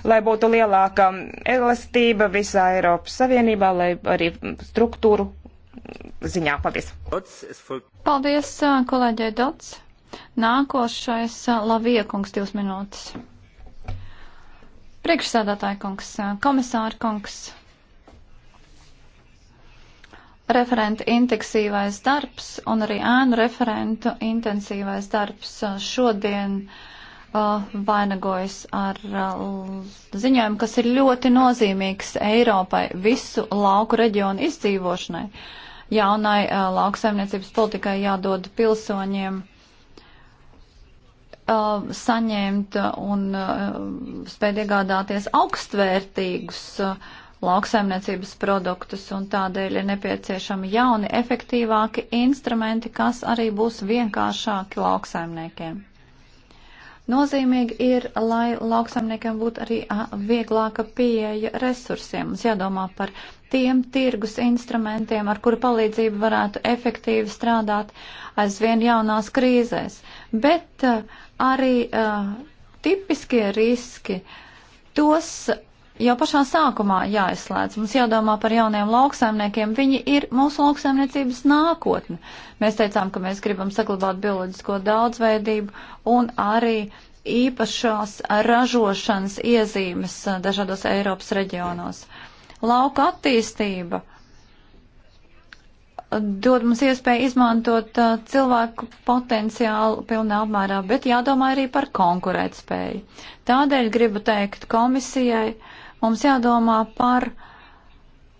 lai būtu lielāka elastība visā Eiropas Savienībā, lai arī struktūru ziņā. Paldies! Paldies, kolēģei Dots! Nākošais Laviekungs divas minūtes. Priekšsēdētāja kungs, komisāra kungs, referenta intensīvais darbs un arī ēnu referentu intensīvais darbs uh, šodien uh, vainagojas ar uh, ziņojumu, kas ir ļoti nozīmīgs Eiropai visu lauku reģionu izdzīvošanai. Jaunai uh, lauksaimniecības politikai jādod pilsoņiem uh, saņemt un uh, spēt iegādāties augstvērtīgus uh, lauksaimniecības produktus, un tādēļ ir nepieciešami jauni, efektīvāki instrumenti, kas arī būs vienkāršāki lauksaimniekiem. Nozīmīgi ir, lai lauksaimniekiem būtu arī uh, vieglāka pieeja resursiem. Mums jādomā par tiem tirgus instrumentiem, ar kuru palīdzību varētu efektīvi strādāt aizvien jaunās krīzēs. Bet uh, arī uh, tipiskie riski, tos jau pašā sākumā jāizslēdz. Mums jādomā par jauniem lauksaimniekiem. Viņi ir mūsu lauksaimniecības nākotne. Mēs teicām, ka mēs gribam saglabāt bioloģisko daudzveidību un arī īpašās ražošanas iezīmes eh, dažādos Eiropas reģionos. Lauka attīstība dod mums iespēju izmantot uh, cilvēku potenciālu pilnā apmērā, bet jādomā arī par konkurētspēju. Tādēļ gribu teikt komisijai, mums jādomā par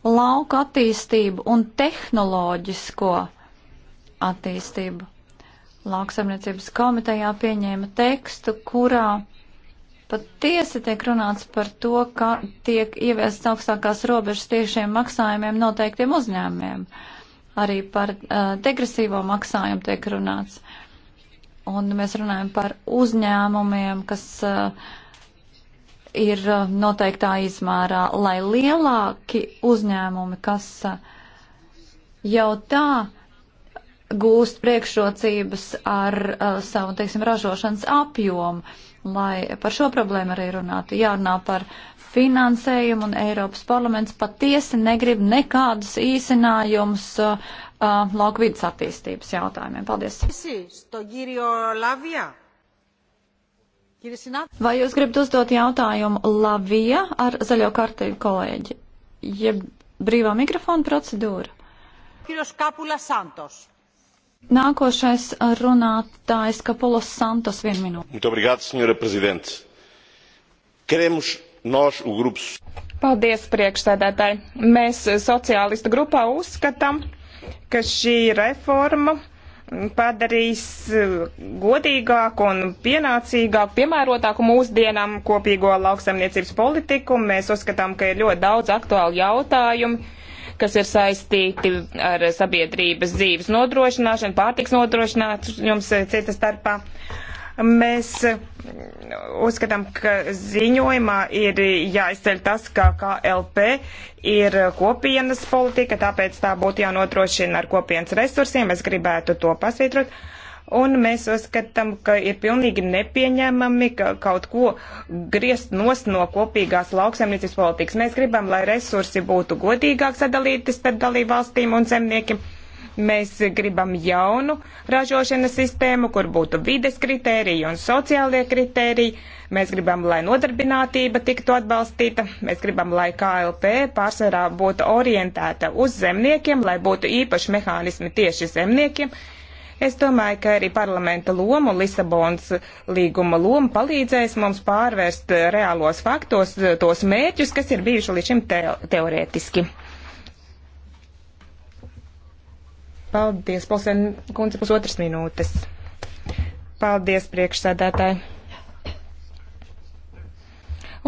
lauka attīstību un tehnoloģisko attīstību. Lauksaimniecības komitejā pieņēma tekstu, kurā patiesi tiek runāts par to, ka tiek ieviests augstākās robežas tiešiem maksājumiem noteiktiem uzņēmumiem. Uh, arī par uh, degresīvo maksājumu tiek runāts. Un mēs runājam par uzņēmumiem, kas uh, ir uh, noteiktā izmērā, lai lielāki uzņēmumi, kas uh, jau tā gūst priekšrocības ar uh, savu, teiksim, ražošanas apjomu, lai par šo problēmu arī runātu. Jārunā par uh, finansējumu, un Eiropas parlaments patiesi negrib nekādus īsinājumus uh, uh, lauku vidas attīstības jautājumiem. Paldies! Vai jūs gribat uzdot jautājumu Lavija ar zaļo kartību kolēģi? Ja brīvā mikrofona procedūra? Nākošais runātājs Kapulas Santos, vienu minūti. Muito obrigado, senhora presidente. Queremos nós, o grupo. Paldies, priekšsēdētāji. Mēs sociālistu grupā uzskatām, ka šī reforma padarīs eh, godīgāku un pienācīgāku, piemērotāku mūsdienām kopīgo lauksaimniecības politiku. Mēs uzskatām, ka ir ļoti daudz aktuālu jautājumu, kas ir saistīti ar sabiedrības dzīves nodrošināšanu, pārtiks nodrošināšanu, jums eh, cita starpā. Uh, Mēs mm, uzskatām, ka ziņojumā ir jāizceļ tas, ka KLP ir kopienas politika, tāpēc tā būtu jānotrošina ar kopienas resursiem. Es gribētu to pasvītrot. Un mēs uzskatām, ka ir pilnīgi nepieņēmami ka kaut ko griezt nost no kopīgās lauksaimniecības politikas. Mēs gribam, lai resursi būtu godīgāk sadalīti starp dalību valstīm un zemniekiem. Uh, Mēs gribam jaunu ražošanas sistēmu, kur būtu vides kritērija un sociālie kritērija. Mēs gribam, lai nodarbinātība tiktu atbalstīta. Mēs gribam, lai KLP pārsvarā būtu orientēta uz zemniekiem, lai būtu īpaši mehānismi tieši zemniekiem. Es domāju, ka arī parlamenta loma un Lisabonas līguma loma palīdzēs mums pārvērst reālos faktos tos mērķus, kas ir bijuši līdz šim te teorētiski. Paldies, Polsen kundze, pusotras minūtes. Paldies, priekšsēdētāji.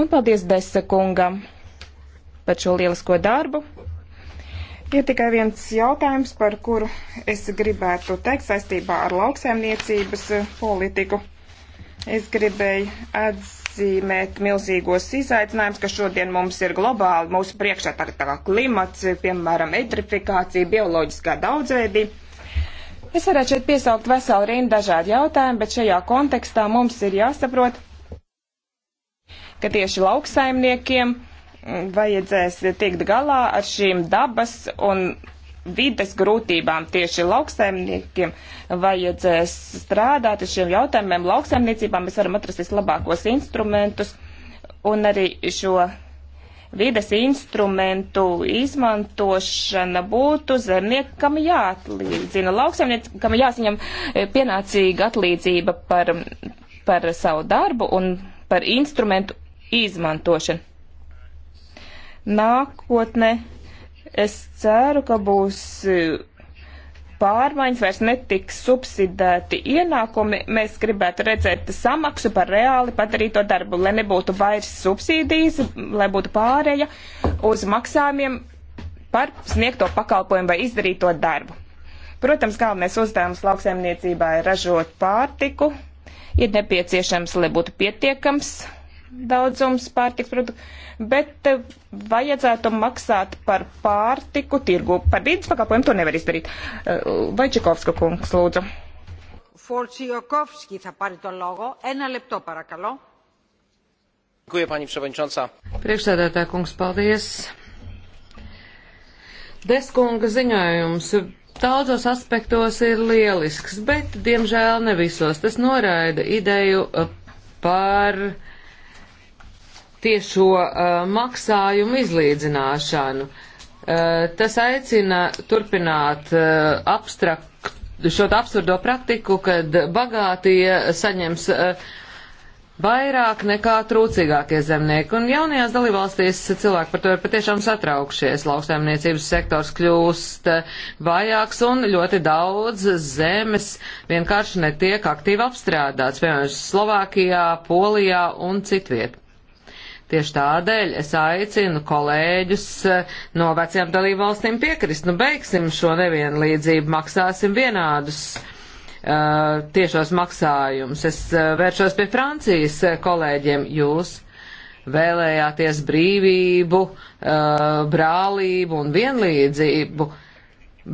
Un paldies Desa kungam par šo lielisko darbu. Ir tikai viens jautājums, par kuru es gribētu teikt saistībā ar lauksēmniecības politiku. Es gribēju atzīmēt atzīmēt milzīgos izaicinājumus, kas šodien mums ir globāli, mūsu priekšā tā, tā kā klimats, piemēram, elektrifikācija, bioloģiskā daudzveidība. Es varētu šeit piesaukt veselu rindu dažādu jautājumu, bet šajā kontekstā mums ir jāsaprot, ka tieši lauksaimniekiem vajadzēs tiekt galā ar šīm dabas un vides grūtībām. Tieši lauksaimniekiem vajadzēs strādāt ar šiem jautājumiem. Lauksaimniecībā mēs varam atrast vislabākos instrumentus un arī šo vides instrumentu izmantošana būtu zemniekam jāatlīdzina. Lauksaimniekam jāsaņem e, pienācīga atlīdzība par, par savu darbu un par instrumentu izmantošanu. Nākotne Es ceru, ka būs e, pārmaiņas, vairs netiks subsidēti ienākumi. Mēs gribētu redzēt samaksu par reāli padarīto darbu, lai nebūtu vairs subsīdijas, lai būtu pāreja uz maksājumiem par sniegto pakalpojumu vai izdarīto darbu. Protams, galvenais uzdevums lauksaimniecībā ir ražot pārtiku, ir nepieciešams, lai būtu pietiekams daudzums pārtiks produktu bet eh, vajadzētu maksāt par pārtiku tirgu. Par vidas pakalpojumu to nevar izdarīt. Eh, Vaļčikovska kungs, lūdzu. Forcijokovski, θα πάρει τον λόγο. Ένα lepto, παρακαλώ. Priekšsēdētā kungs, paldies. Deskunga ziņojums daudzos aspektos ir lielisks, bet, diemžēl, ne visos. Tas noraida ideju eh, par uh, tiešo uh, maksājumu izlīdzināšanu. Uh, tas aicina turpināt uh, abstrakt, šo absurdo praktiku, kad bagātie saņems vairāk nekā trūcīgākie zemnieki. Un jaunajās dalībvalstīs cilvēki par to ir patiešām satraukšies. Lauksaimniecības sektors kļūst vājāks un ļoti daudz zemes vienkārši netiek aktīvi apstrādāts, piemēram, Slovākijā, Polijā un citviet. Tieši tādēļ es aicinu kolēģus eh, no vecajām dalībvalstīm piekrist. Nu, beigsim šo nevienlīdzību, maksāsim vienādus uh, tiešos maksājumus. Es uh, vēršos pie Francijas kolēģiem. Jūs vēlējāties brīvību, uh, brālību un vienlīdzību,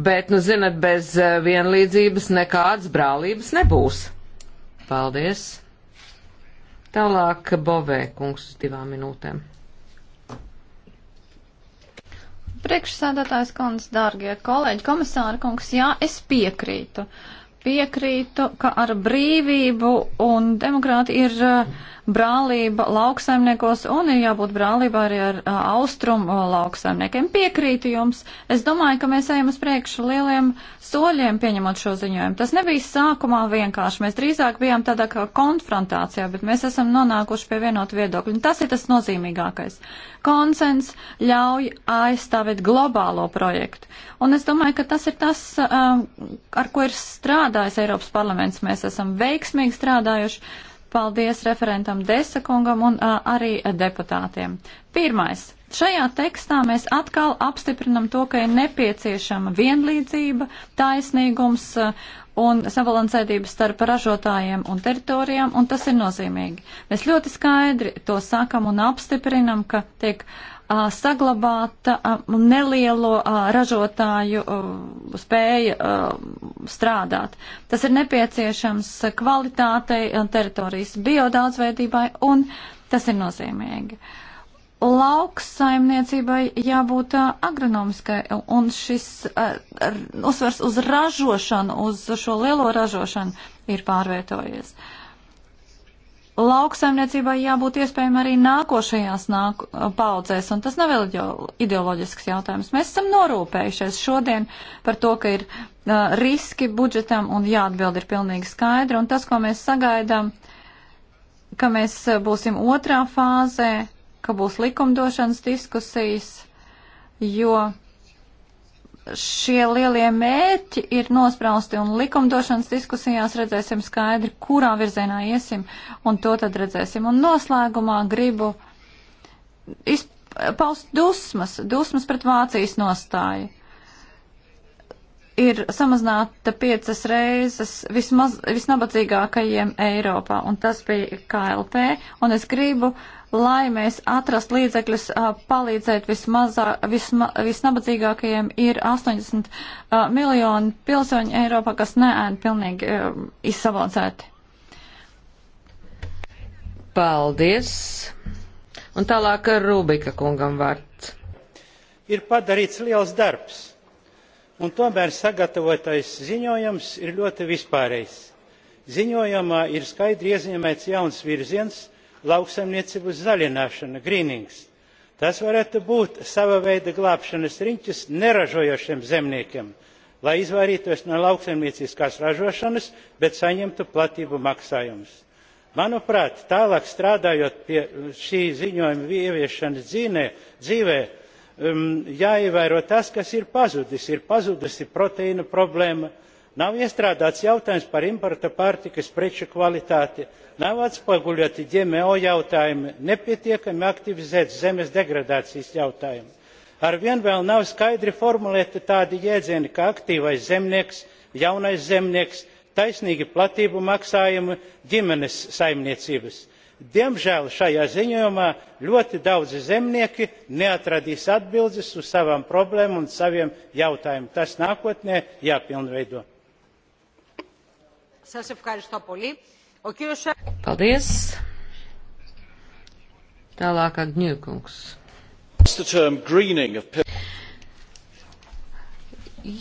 bet, nu, zinat, bez vienlīdzības nekādas brālības nebūs. Paldies! Tālāk Bovē kungs uz divām minūtēm. Priekšsēdētājs kundze, dārgie kolēģi, komisāra kungs, jā, es piekrītu. Piekrītu, ka ar brīvību un demokrāti ir uh, brālība lauksaimniekos un ir jābūt brālība arī ar uh, austrumu lauksaimniekiem. Piekrītu jums. Es domāju, ka mēs ejam uz priekšu lieliem soļiem pieņemot šo ziņojumu. Tas nebija sākumā vienkārši. Mēs drīzāk bijām tādā kā konfrontācijā, bet mēs esam nonākuši pie vienotu viedokļu. Un tas ir tas nozīmīgākais. Konsens ļauj aizstāvēt globālo projektu. Un es domāju, ka tas ir tas, uh, ar ko ir strādājis Eiropas parlaments. Mēs esam veiksmīgi strādājuši. Paldies referentam Desakungam un uh, arī deputātiem. Pirmais. Šajā tekstā mēs atkal apstiprinam to, ka ir nepieciešama vienlīdzība, taisnīgums un sabalansētība starp ražotājiem un teritorijām, un tas ir nozīmīgi. Mēs ļoti skaidri to sakam un apstiprinam, ka tiek uh, saglabāt nelielo ražotāju spēju strādāt. Tas ir nepieciešams kvalitātei, teritorijas biodaudzveidībai un tas ir nozīmīgi. Lauksaimniecībai jābūt agronomiskai un šis uzsvers uz ražošanu, uz šo lielo ražošanu ir pārvietojies. Uh, lauksaimniecībai jābūt iespējami arī nākošajās nāk, paudzēs, un tas nav ideoloģisks jautājums. Mēs esam norūpējušies šodien par to, ka ir uh, riski budžetam, un jāatbild ir pilnīgi skaidra, un tas, ko mēs sagaidām, ka mēs būsim otrā fāzē, ka būs likumdošanas diskusijas, jo šie lielie mērķi ir nosprausti un likumdošanas diskusijās redzēsim skaidri, kurā virzienā iesim, un to tad redzēsim. Un noslēgumā gribu paust dusmas, dusmas pret Vācijas nostāju. Ir samazināta piecas reizes vismaz, visnabadzīgākajiem Eiropā, un tas bija KLP, un es gribu uh, lai mēs atrast līdzekļus palīdzēt vismazā, visma, visnabadzīgākajiem, ir 80 miljoni pilsoņu Eiropā, kas neēna pilnīgi izsavācēti. Paldies! Un tālāk Rūbika kungam vārds. Ir padarīts liels darbs, un tomēr sagatavotais ziņojums ir ļoti vispārējs. Ziņojumā ir skaidri iezīmēts jauns virziens, lauksaimniecību zaļināšana, greenings. Tas varētu būt sava veida glābšanas riņķis neražojošiem zemniekiem, lai izvairītos no lauksaimnieciskās ražošanas, bet saņemtu platību maksājumus. Manuprāt, tālāk strādājot pie šī ziņojuma ieviešanas dzīvē, dzīvē um, jāievēro tas, kas ir pazudis. Ir pazudusi proteīna problēma, uh, nav iestrādāts jautājums par importa pārtikas preču kvalitāti nav atspoguļoti gmo jautājumi nepietiekami aktivizēts zemes degradācijas jautājums. arvien vēl nav skaidri formulēti tādi jēdzieni kā aktīvais zemnieks jaunais zemnieks taisnīgi platību maksājumi ģimenes saimniecības. diemžēl šajā ziņojumā ļoti daudzi zemnieki neatradīs atbildes uz savām problēmām un saviem jautājumiem. tas nākotnē jāpilnveido. Paldies! Tālāk Agņūkungs.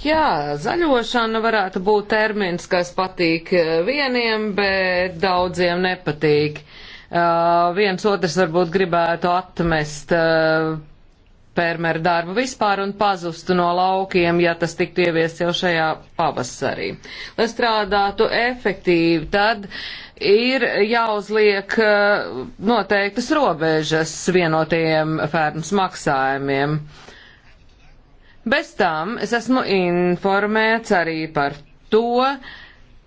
Jā, zaļošana varētu būt termins, kas patīk eh, vieniem, bet daudziem nepatīk. Uh, viens otrs varbūt gribētu atmest uh, fermeru darbu vispār un pazustu no laukiem, ja tas tiktu ieviests jau šajā pavasarī. Lai strādātu efektīvi, tad ir jāuzliek eh, noteiktas robežas vienotajiem fermas maksājumiem. Bez tam es esmu informēts arī par to,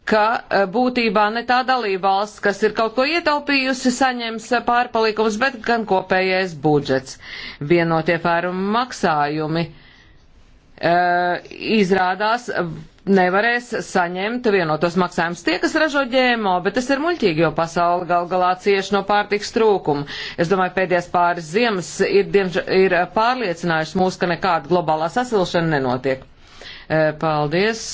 ka e, būtībā ne tā dalībvalsts, kas ir kaut ko ietaupījusi, saņems e, pārpalikums, bet gan kopējais budžets. Vienotie fērumu maksājumi uh, izrādās nevarēs saņemt vienotos maksājumus tie, kas ražo ģēmo, bet tas ir muļķīgi, jo pasauli gal galā cieš no pārtiks trūkuma. Es domāju, pēdējās pāris ziemas ir, diemža, ir pārliecinājuši mūs, ka nekāda globālā sasilšana nenotiek. Uh, paldies!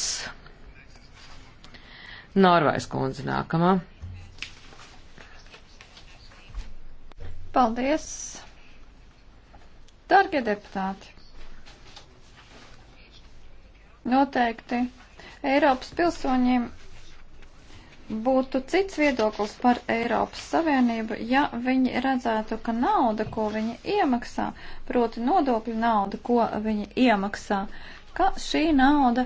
Norvais kundze nākamā. Paldies! Dargie deputāti! Noteikti Eiropas pilsoņiem būtu cits viedoklis par Eiropas Savienību, ja viņi redzētu, ka nauda, ko viņi iemaksā, proti nodokļu nauda, ko viņi iemaksā, ka šī nauda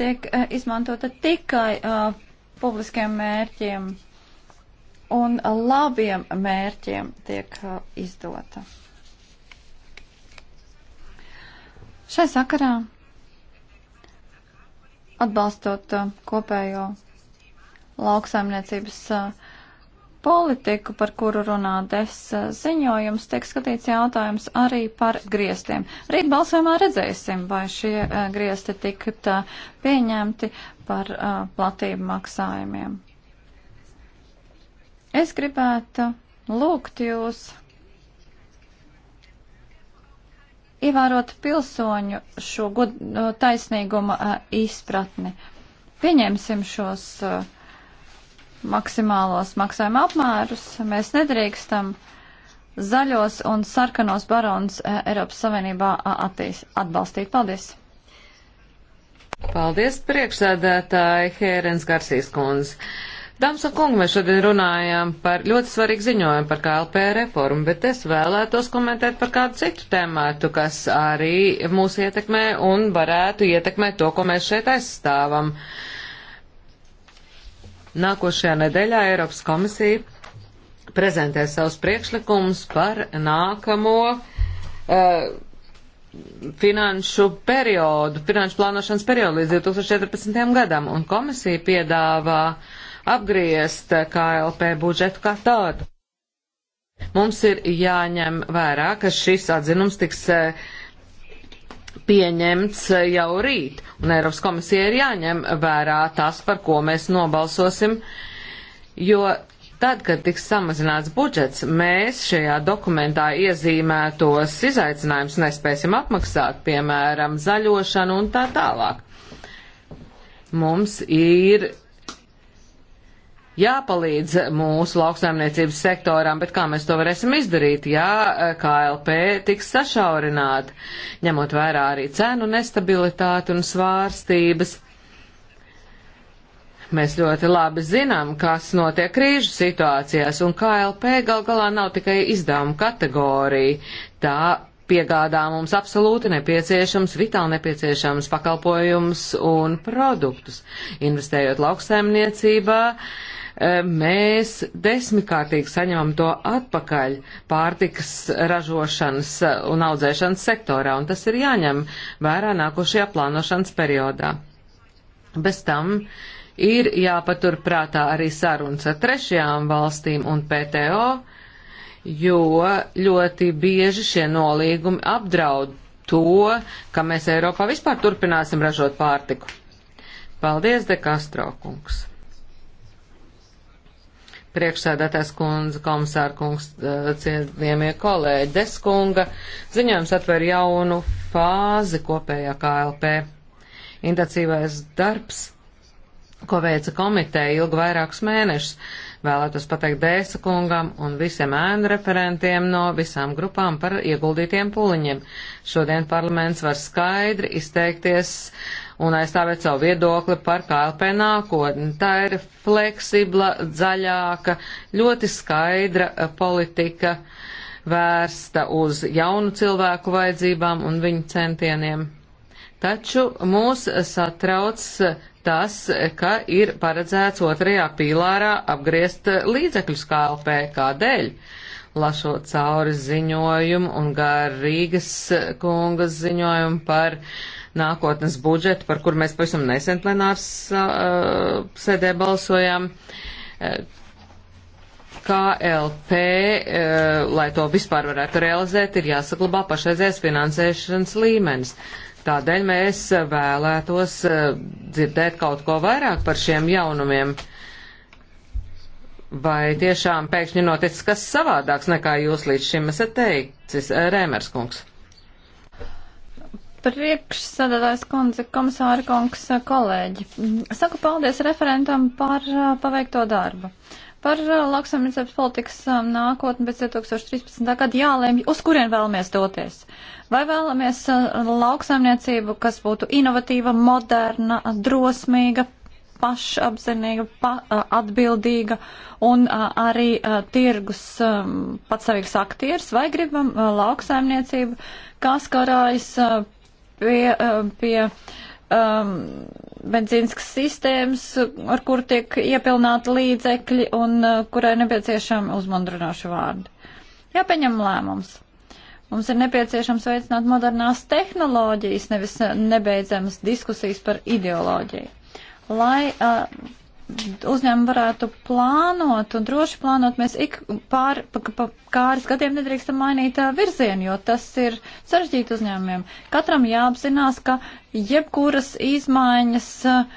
tiek eh, izmantota tikai uh, publiskiem mērķiem un labiem mērķiem tiek uh, izdota. Šai sakarā atbalstot uh, kopējo lauksaimniecības uh, politiku, par kuru runā des ziņojums, tiek skatīts jautājums arī par griestiem. Rīt balsojumā redzēsim, vai šie griesti tikt pieņemti, par uh, platību maksājumiem. Es gribētu lūgt jūs ievērot pilsoņu šo gud, taisnīguma uh, izpratni. Pieņemsim šos uh, maksimālos maksājuma apmērus. Mēs nedrīkstam zaļos un sarkanos barons uh, Eiropas Savienībā attīst, atbalstīt. Paldies! Paldies, priekšsēdētāji Hērens Garsīs kundze. Dāmas un kungi, mēs šodien runājām par ļoti svarīgu ziņojumu par KLP reformu, bet es vēlētos komentēt par kādu citu tēmētu, kas arī mūs ietekmē un varētu ietekmēt to, ko mēs šeit aizstāvam. Nākošajā nedēļā Eiropas komisija prezentēs savus priekšlikumus par nākamo uh, finanšu periodu, finanšu plānošanas periodu līdz 2014. gadam, un komisija piedāvā apgriezt KLP budžetu kā tādu. Mums ir jāņem vērā, ka šis atzinums tiks e, pieņemts e, jau rīt, un Eiropas komisija ir jāņem vērā tas, par ko mēs nobalsosim, jo Tad, kad tiks samazināts budžets, mēs šajā dokumentā iezīmētos izaicinājumus nespēsim apmaksāt, piemēram, zaļošanu un tā tālāk. Mums ir jāpalīdz mūsu lauksaimniecības sektoram, bet kā mēs to varēsim izdarīt, ja eh, KLP tiks sašaurināta, ņemot vērā arī cenu nestabilitāti un svārstības Mēs ļoti labi zinām, kas notiek krīžu situācijās, un KLP gal galā nav tikai izdevuma kategorija. Tā piegādā mums absolūti nepieciešams, vitāli nepieciešams pakalpojums un produktus. Investējot lauksaimniecībā, eh, mēs desmitkārtīgi saņemam to atpakaļ pārtikas ražošanas un audzēšanas sektorā, un tas ir jāņem vērā nākošajā plānošanas periodā. Bez tam ir jāpatur prātā arī sarunas ar trešajām valstīm un PTO, jo ļoti bieži šie nolīgumi apdraud to, ka mēs Eiropā vispār turpināsim ražot pārtiku. Paldies, De Castro kungs. Priekšsēdētājs kundze, komisāra kungs, eh, cienījamie kolēģi, Deskunga ziņojums atver jaunu fāzi kopējā KLP. Intensīvais darbs ko veica komiteja ilgu vairākus mēnešus. Vēlētos pateikt Dēsa kungam un visiem ēnu referentiem no visām grupām par ieguldītiem puliņiem. Šodien parlaments var skaidri izteikties un aizstāvēt savu viedokli par KLP nākotni. Tā ir fleksibla, zaļāka, ļoti skaidra politika vērsta uz jaunu cilvēku vajadzībām un viņu centieniem. Taču mūs satrauc tas, ka ir paredzēts otrajā pīlārā apgriezt līdzekļus KLP. Kādēļ? Lašot cauri ziņojumu un garīgas kungas ziņojumu par nākotnes budžetu, par kur mēs pavisam nesen plenārs uh, sēdē balsojām. Uh, e, KLP, e, lai to vispār varētu realizēt, ir jāsaglabā pašreizējais finansēšanas līmenis. Tādēļ mēs vēlētos eh, dzirdēt kaut ko vairāk par šiem jaunumiem. Vai tiešām pēkšņi noticis kas savādāks nekā jūs līdz šim esat teicis, eh, Rēmers kungs? Priekšsēdētājs kundze, komisāra kungs, kolēģi. Saku paldies referentam par eh, paveikto darbu. Uh, par uh, lauksaimniecības politikas um, nākotni pēc 2013. gada jālēmj, uz kurien vēlamies doties. Vai vēlamies uh, lauksaimniecību, kas būtu inovatīva, moderna, drosmīga, pašapzinīga, pa, uh, atbildīga un arī tirgus um, pats savīgs aktieris, vai gribam lauksaimniecību, kas karājas pie. pie um, benzīniskas sistēmas, ar kur tiek iepilnāti līdzekļi un uh, kurai nepieciešami uzmundrinoši vārdi. Jāpieņem lēmums. Mums ir nepieciešams veicināt modernās tehnoloģijas, nevis nebeidzamas diskusijas par ideoloģiju. Lai uh, uzņēmumi varētu plānot un droši plānot, mēs ik pār, pa, pa kāris gadiem nedrīkstam mainīt uh, virzienu, jo tas ir sarežģīti uzņēmumiem. Katram jāapzinās, ka jebkuras izmaiņas uh,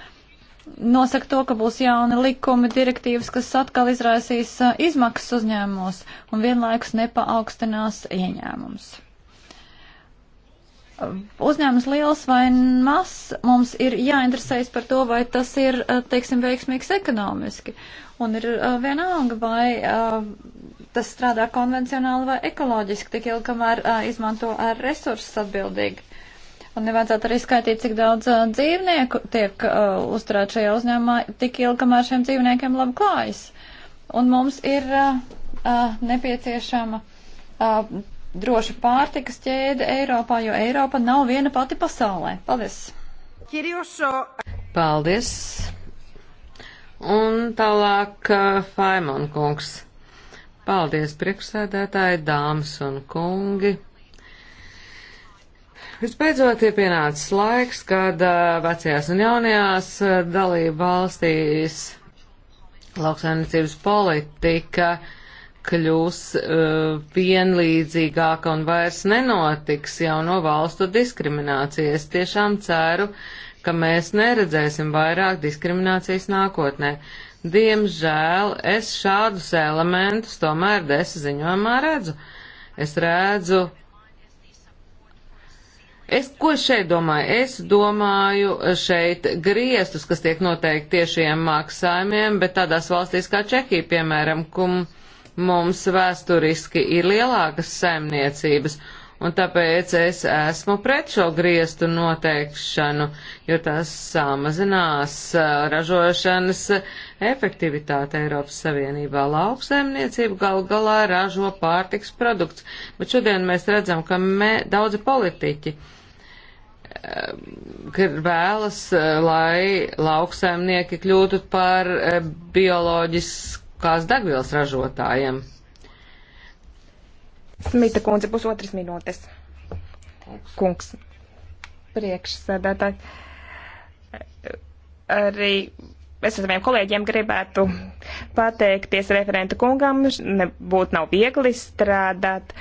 nosaka to, ka būs jauni likumi, direktīvas, kas atkal izraisīs uh, izmaksas uzņēmumos un vienlaikus nepaaugstinās ieņēmumus uzņēmums liels vai mazs, mums ir jāinteresējas par to, vai tas ir, eh, teiksim, veiksmīgs ekonomiski. Un ir eh, vienalga, vai eh, tas strādā konvencionāli vai ekoloģiski, tik ilgi, kamēr izmanto ar resursus atbildīgi. Un nevajadzētu arī skaitīt, cik daudz dzīvnieku tiek uzturēt šajā uzņēmumā, tik ilgi, kamēr šiem dzīvniekiem labi klājas. Un mums ir nepieciešama droša pārtikas ķēde Eiropā, jo Eiropa nav viena pati pasaulē. Paldies! Paldies! Un tālāk uh, Faimon kungs. Paldies, priekšsēdētāji, dāmas un kungi! Visbeidzot, ir pienācis laiks, kad uh, vecajās un jaunajās uh, dalību valstīs lauksaimniecības politika uh, kļūs uh, vienlīdzīgāka un vairs nenotiks jauno valstu diskriminācija. Es tiešām ceru, ka mēs neredzēsim vairāk diskriminācijas nākotnē. Diemžēl es šādus elementus tomēr desa ziņojumā redzu. Es redzu Es ko šeit domāju? Es domāju šeit griestus, kas tiek noteikti tiešiem maksājumiem, bet tādās valstīs kā Čehija, piemēram, kum, mums vēsturiski ir lielākas saimniecības, un tāpēc es esmu pret šo griestu noteikšanu, jo tas samazinās uh, ražošanas efektivitāte Eiropas Savienībā. Lauksaimniecība gal galā ražo pārtiks produkts, bet šodien mēs redzam, ka mē, daudzi politiķi uh, vēlas, uh, lai lauksaimnieki kļūtu par bioloģisku kās degvielas ražotājiem. Smita kundze, pusotras minūtes. Kungs, priekšsēdētāji. Arī es ar saviem kolēģiem gribētu pateikties referenta kungam. Nebūtu nav viegli strādāt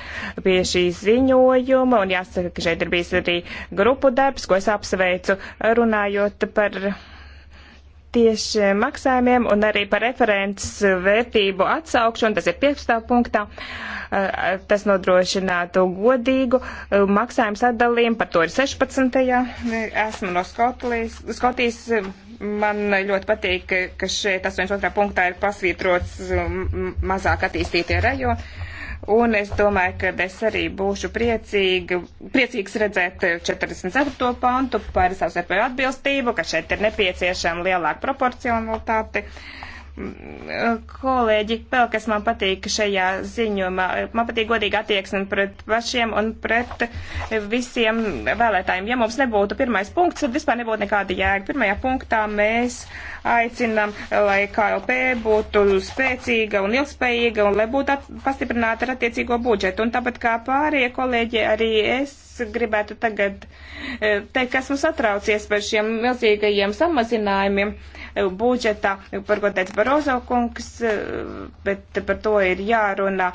pie šī ziņojuma, un jāsaka, ka šeit ir bijis arī grupu darbs, ko es apsveicu runājot par tieši maksājumiem un arī par referents vērtību atsaukšanu, tas ir 15. punktā, tas nodrošinātu godīgu maksājumu sadalījumu, par to ir 16. Esmu no Skotijas, Skotijas Man ļoti patīk, ka šeit 82. punktā ir pasvītrots um, mazāk attīstītie rajoni. Un es domāju, ka es arī būšu priecīga, priecīgs redzēt 44. pantu par savstarpēju atbilstību, ka šeit ir nepieciešama lielāka proporcionalitāte. Uh, kolēģi vēl, kas man patīk šajā ziņumā. Man patīk godīga attieksme pret pašiem un pret visiem vēlētājiem. Ja mums nebūtu pirmais punkts, tad vispār nebūtu nekāda jēga. Pirmajā punktā mēs aicinām, lai KLP būtu spēcīga un ilgspējīga un lai būtu pastiprināta ar attiecīgo budžetu. Un tāpat kā pārējie kolēģi, arī es gribētu tagad eh, teikt, kas mums atraucies par šiem milzīgajiem samazinājumiem budžetā, par ko teica Barozo kungs, eh, bet par to ir jārunā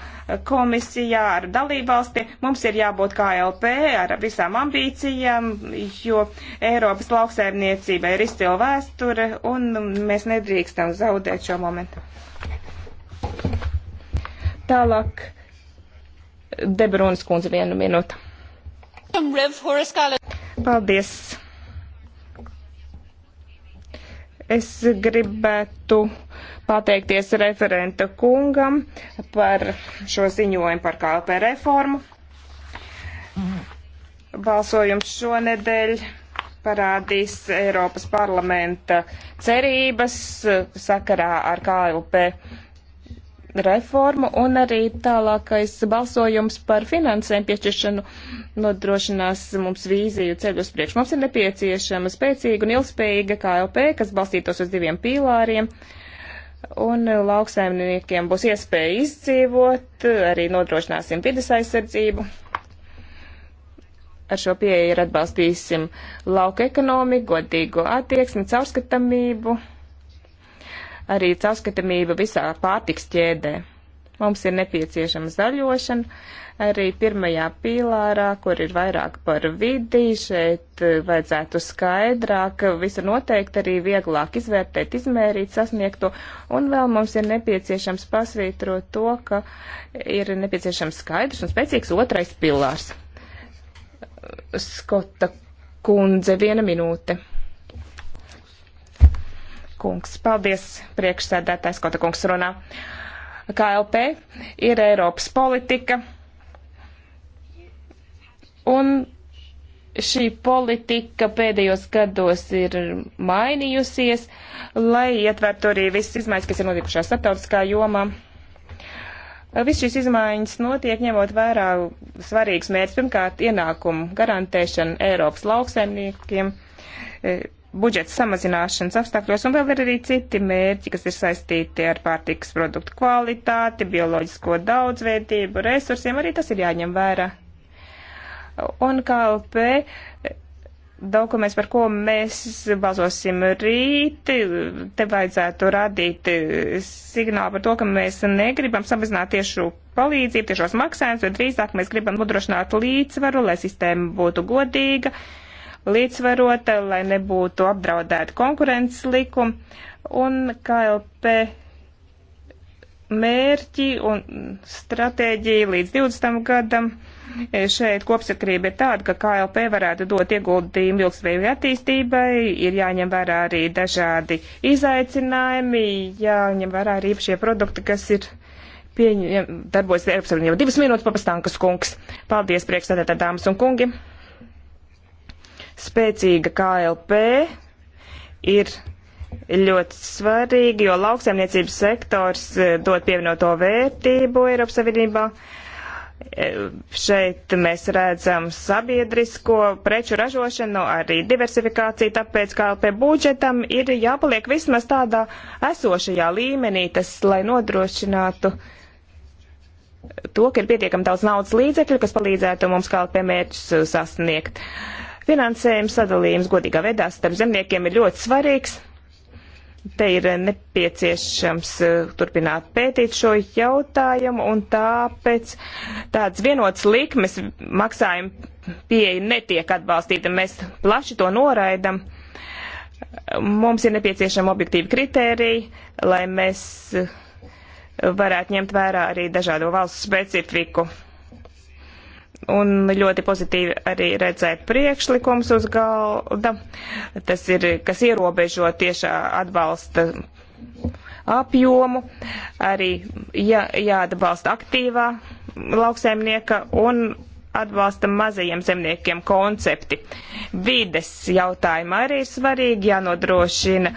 komisijā ar dalībvalsti. Mums ir jābūt KLP ar visām ambīcijām, jo Eiropas lauksaimniecība ir izcila vēsture un mēs nedrīkstam zaudēt šo momentu. Tālāk. Debrunas kundze vienu minūtu. Paldies! Es gribētu pateikties referenta kungam par šo ziņojumu par KLP reformu. Balsojums šonedēļ parādīs Eiropas parlamenta cerības sakarā ar KLP reformu reformu un arī tālākais balsojums par finansēm piešķiršanu nodrošinās mums vīziju ceļu uz priekšu. Mums ir nepieciešama spēcīga un ilgspējīga KLP, kas balstītos uz diviem pīlāriem. Un lauksaimniekiem būs iespēja izdzīvot, arī nodrošināsim vidas aizsardzību. Ar šo pieeju ir atbalstīsim lauka ekonomiku, godīgu attieksmi, caurskatamību arī caurskatāmība visā pārtiks ķēdē. Mums ir nepieciešama zaļošana, arī pirmajā pīlārā, kur ir vairāk par vidi, šeit eh, vajadzētu skaidrāk visu noteikt, arī vieglāk izvērtēt, izmērīt sasniegto, un vēl mums ir nepieciešams pasvītrot to, ka ir nepieciešams skaidrs un spēcīgs otrais pilārs. Skota kundze, viena minūte kungs. Paldies, priekšsēdētājs Kota kungs runā. KLP ir Eiropas politika, un šī politika pēdējos gados ir mainījusies, lai ietvertu arī visas izmaiņas, kas ir notikušās starptautiskā jomā. Viss šīs izmaiņas notiek ņemot vērā svarīgs mērķis, pirmkārt, ienākumu garantēšana Eiropas lauksaimniekiem, budžeta samazināšanas apstākļos, un vēl ir arī citi mērķi, kas ir saistīti ar pārtikas produktu kvalitāti, bioloģisko daudzveidību, resursiem, arī tas ir jāņem vērā. Un KLP dokuments, par ko mēs balsosim rīt, te vajadzētu radīt signālu par to, ka mēs negribam samazināt tiešu palīdzību, tiešos maksājumus, bet drīzāk mēs gribam nodrošināt līdzsvaru, lai sistēma būtu godīga līdzsvarota, lai nebūtu apdraudēta konkurences likuma un KLP mērķi un stratēģija līdz 20. gadam. E, šeit kopsakrība ir tāda, ka KLP varētu dot ieguldījumu ilgspējīgai attīstībai, ir jāņem vērā arī dažādi izaicinājumi, jāņem vērā arī šie produkti, kas ir pieņem, darbojas Eiropas Savienībā. Divas minūtes papastānkas kungs. Paldies, priekšstādētā dāmas un kungi. Spēcīga KLP ir ļoti svarīgi, jo lauksaimniecības sektors eh, dod pievienoto vērtību Eiropas Savienībā. Eh, šeit mēs redzam sabiedrisko preču ražošanu, arī diversifikāciju, tāpēc KLP budžetam ir jāpaliek vismaz tādā esošajā līmenī, tas, lai nodrošinātu to, ka ir pietiekami daudz naudas līdzekļu, kas palīdzētu mums KLP mērķus eh, sasniegt. Uh, Finansējums sadalījums godīgā veidā starp zemniekiem ir ļoti svarīgs. Te ir nepieciešams e, turpināt pētīt šo jautājumu, un tāpēc tāds vienots likmes maksājuma pieeja netiek atbalstīta. Mēs plaši to noraidam. Mums ir nepieciešama objektīva kritērija, lai mēs varētu ņemt vērā arī dažādo valstu specifiku un ļoti pozitīvi arī redzēt priekšlikums uz galda. Tas ir, kas ierobežo tiešā atbalsta apjomu, arī jā, jāatbalsta aktīvā lauksaimnieka un atbalsta mazajiem zemniekiem koncepti. Vides jautājumi arī ir svarīgi, jānodrošina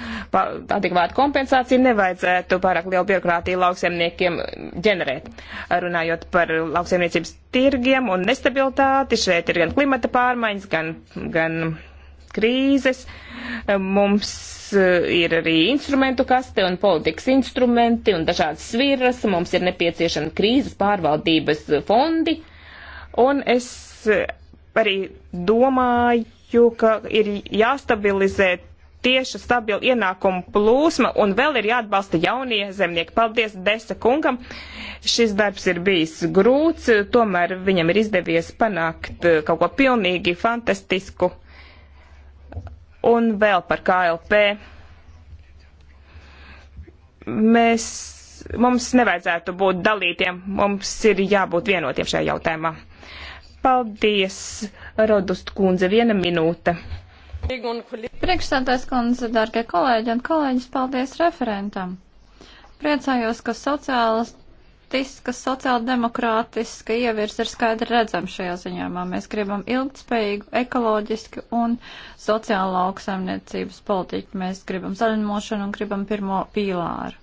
adekvāta kompensācija, nevajadzētu pārāk lielu birokrātiju lauksemniekiem ģenerēt. Runājot par lauksemniecības tirgiem un nestabilitāti, šeit ir gan klimata pārmaiņas, gan, gan krīzes. Mums eh, ir arī instrumentu kaste un politikas instrumenti un dažādas sviras. Mums ir nepieciešami krīzes pārvaldības fondi. Uh, Un es eh, arī domāju, ka ir jāstabilizē tieša stabila ienākuma plūsma un vēl ir jāatbalsta jaunie zemnieki. Paldies Desa kungam. Šis darbs ir bijis grūts, tomēr viņam ir izdevies panākt eh, kaut ko pilnīgi fantastisku. Un vēl par KLP. Mēs, mums nevajadzētu būt dalītiem, mums ir jābūt vienotiem šajā jautājumā. Paldies, Rodust kundze, viena minūte. Priekšstādājs kundze, dārgie kolēģi un kolēģis, paldies referentam. Priecājos, ka sociālas politiska, sociāldemokrātiska ievirza ir skaidri redzama šajā ziņojumā. Mēs gribam ilgtspējīgu, ekoloģisku un sociālu lauksaimniecības politiku. Mēs gribam zaļumošanu un gribam pirmo pīlāru.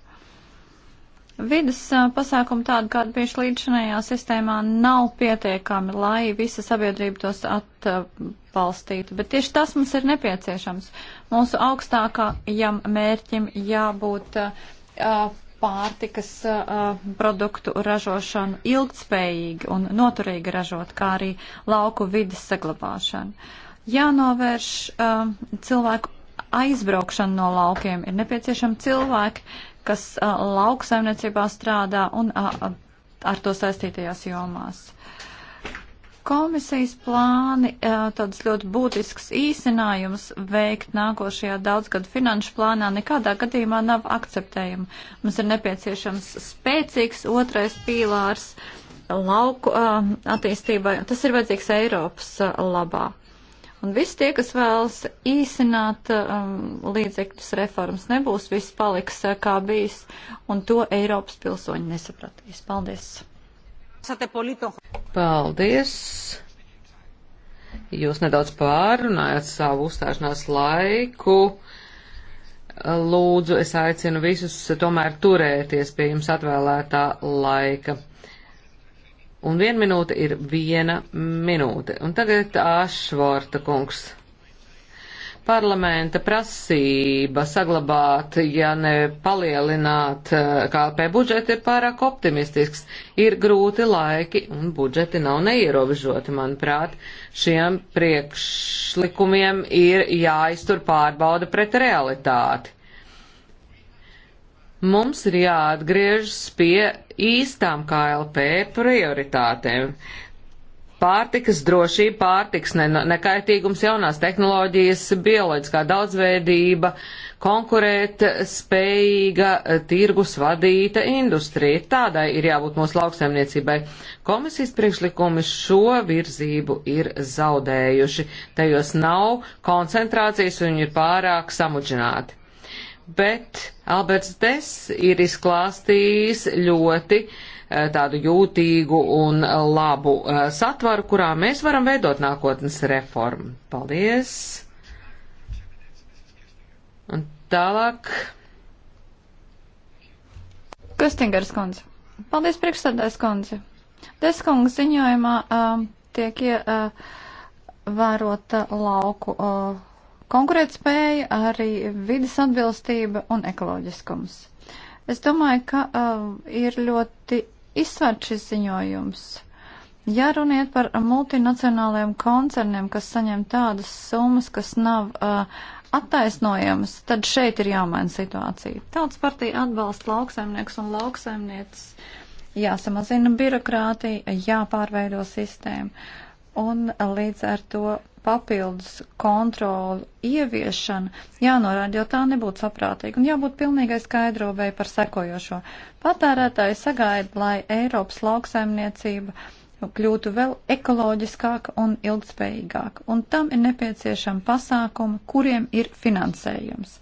Vides pasākumi tādi, kādi bijuši līdzinējā sistēmā, nav pietiekami, lai visa sabiedrība tos atbalstītu, bet tieši tas mums ir nepieciešams. Mūsu augstākajam mērķim jābūt uh, pārtikas uh, produktu ražošanu ilgtspējīgi un noturīgi ražot, kā arī lauku vidas saglabāšanu. Jānovērš uh, cilvēku aizbraukšanu no laukiem, ir nepieciešami cilvēki, kas lauksaimniecībā strādā un ar to saistītajās jomās. Komisijas plāni tādas ļoti būtisks īsinājums veikt nākošajā daudzgadu finanšu plānā nekādā gadījumā nav akceptējama. Mums ir nepieciešams spēcīgs otrais pīlārs lauku attīstībai. Tas ir vajadzīgs Eiropas labā. Un visi tie, kas vēlas īsināt um, līdzekļus reformas, nebūs, viss paliks uh, kā bijis, un to Eiropas pilsoņi nesapratīs. Paldies! Paldies! Jūs nedaudz pārrunājat savu uzstāšanās laiku. Lūdzu, es aicinu visus tomēr turēties pie jums atvēlētā laika. Un viena minūte ir viena minūte. Un tagad Ašvorta kungs. Parlamenta prasība saglabāt, ja ne palielināt eh, KLP budžeti ir pārāk optimistisks. Ir grūti laiki un budžeti nav neierobežoti, manuprāt. Šiem priekšlikumiem ir jāiztur pārbauda pret realitāti. Mums ir jāatgriežas pie īstām KLP prioritātēm. Pārtikas drošība, pārtikas nekaitīgums, jaunās tehnoloģijas, bioloģiskā daudzveidība, konkurēt spējīga eh, tirgus vadīta industrija. Tādai ir jābūt mūsu lauksaimniecībai. Komisijas priekšlikumi šo virzību ir zaudējuši. Tajos nav koncentrācijas un ir pārāk samudžināti bet Alberts Des ir izklāstījis ļoti eh, tādu jūtīgu un labu eh, satvaru, kurā mēs varam veidot nākotnes reformu. Paldies! Un tālāk. Kustingers kundze. Paldies, priekšstādājs kundze. Deskungs ziņojumā uh, tiek ievērota uh, vērota, lauku. Uh, konkurētspēja, arī vidas atbilstība un ekoloģiskums. Es domāju, ka uh, ir ļoti izsvērts šis ziņojums. Ja runiet par multinacionālajiem koncerniem, kas saņem tādas summas, kas nav uh, attaisnojamas, tad šeit ir jāmaina situācija. Tautas partija atbalsta lauksaimnieks un lauksaimnieces, jāsamazina birokrātija, jāpārveido sistēma. Un līdz ar to papildus kontrolu ieviešana jānorāda, jo tā nebūtu saprātīga. Un jābūt pilnīgai skaidrobai par sekojošo. Patērētāji sagaida, lai Eiropas lauksaimniecība kļūtu vēl ekoloģiskāka un ilgspējīgāka. Un tam ir nepieciešama pasākuma, kuriem ir finansējums.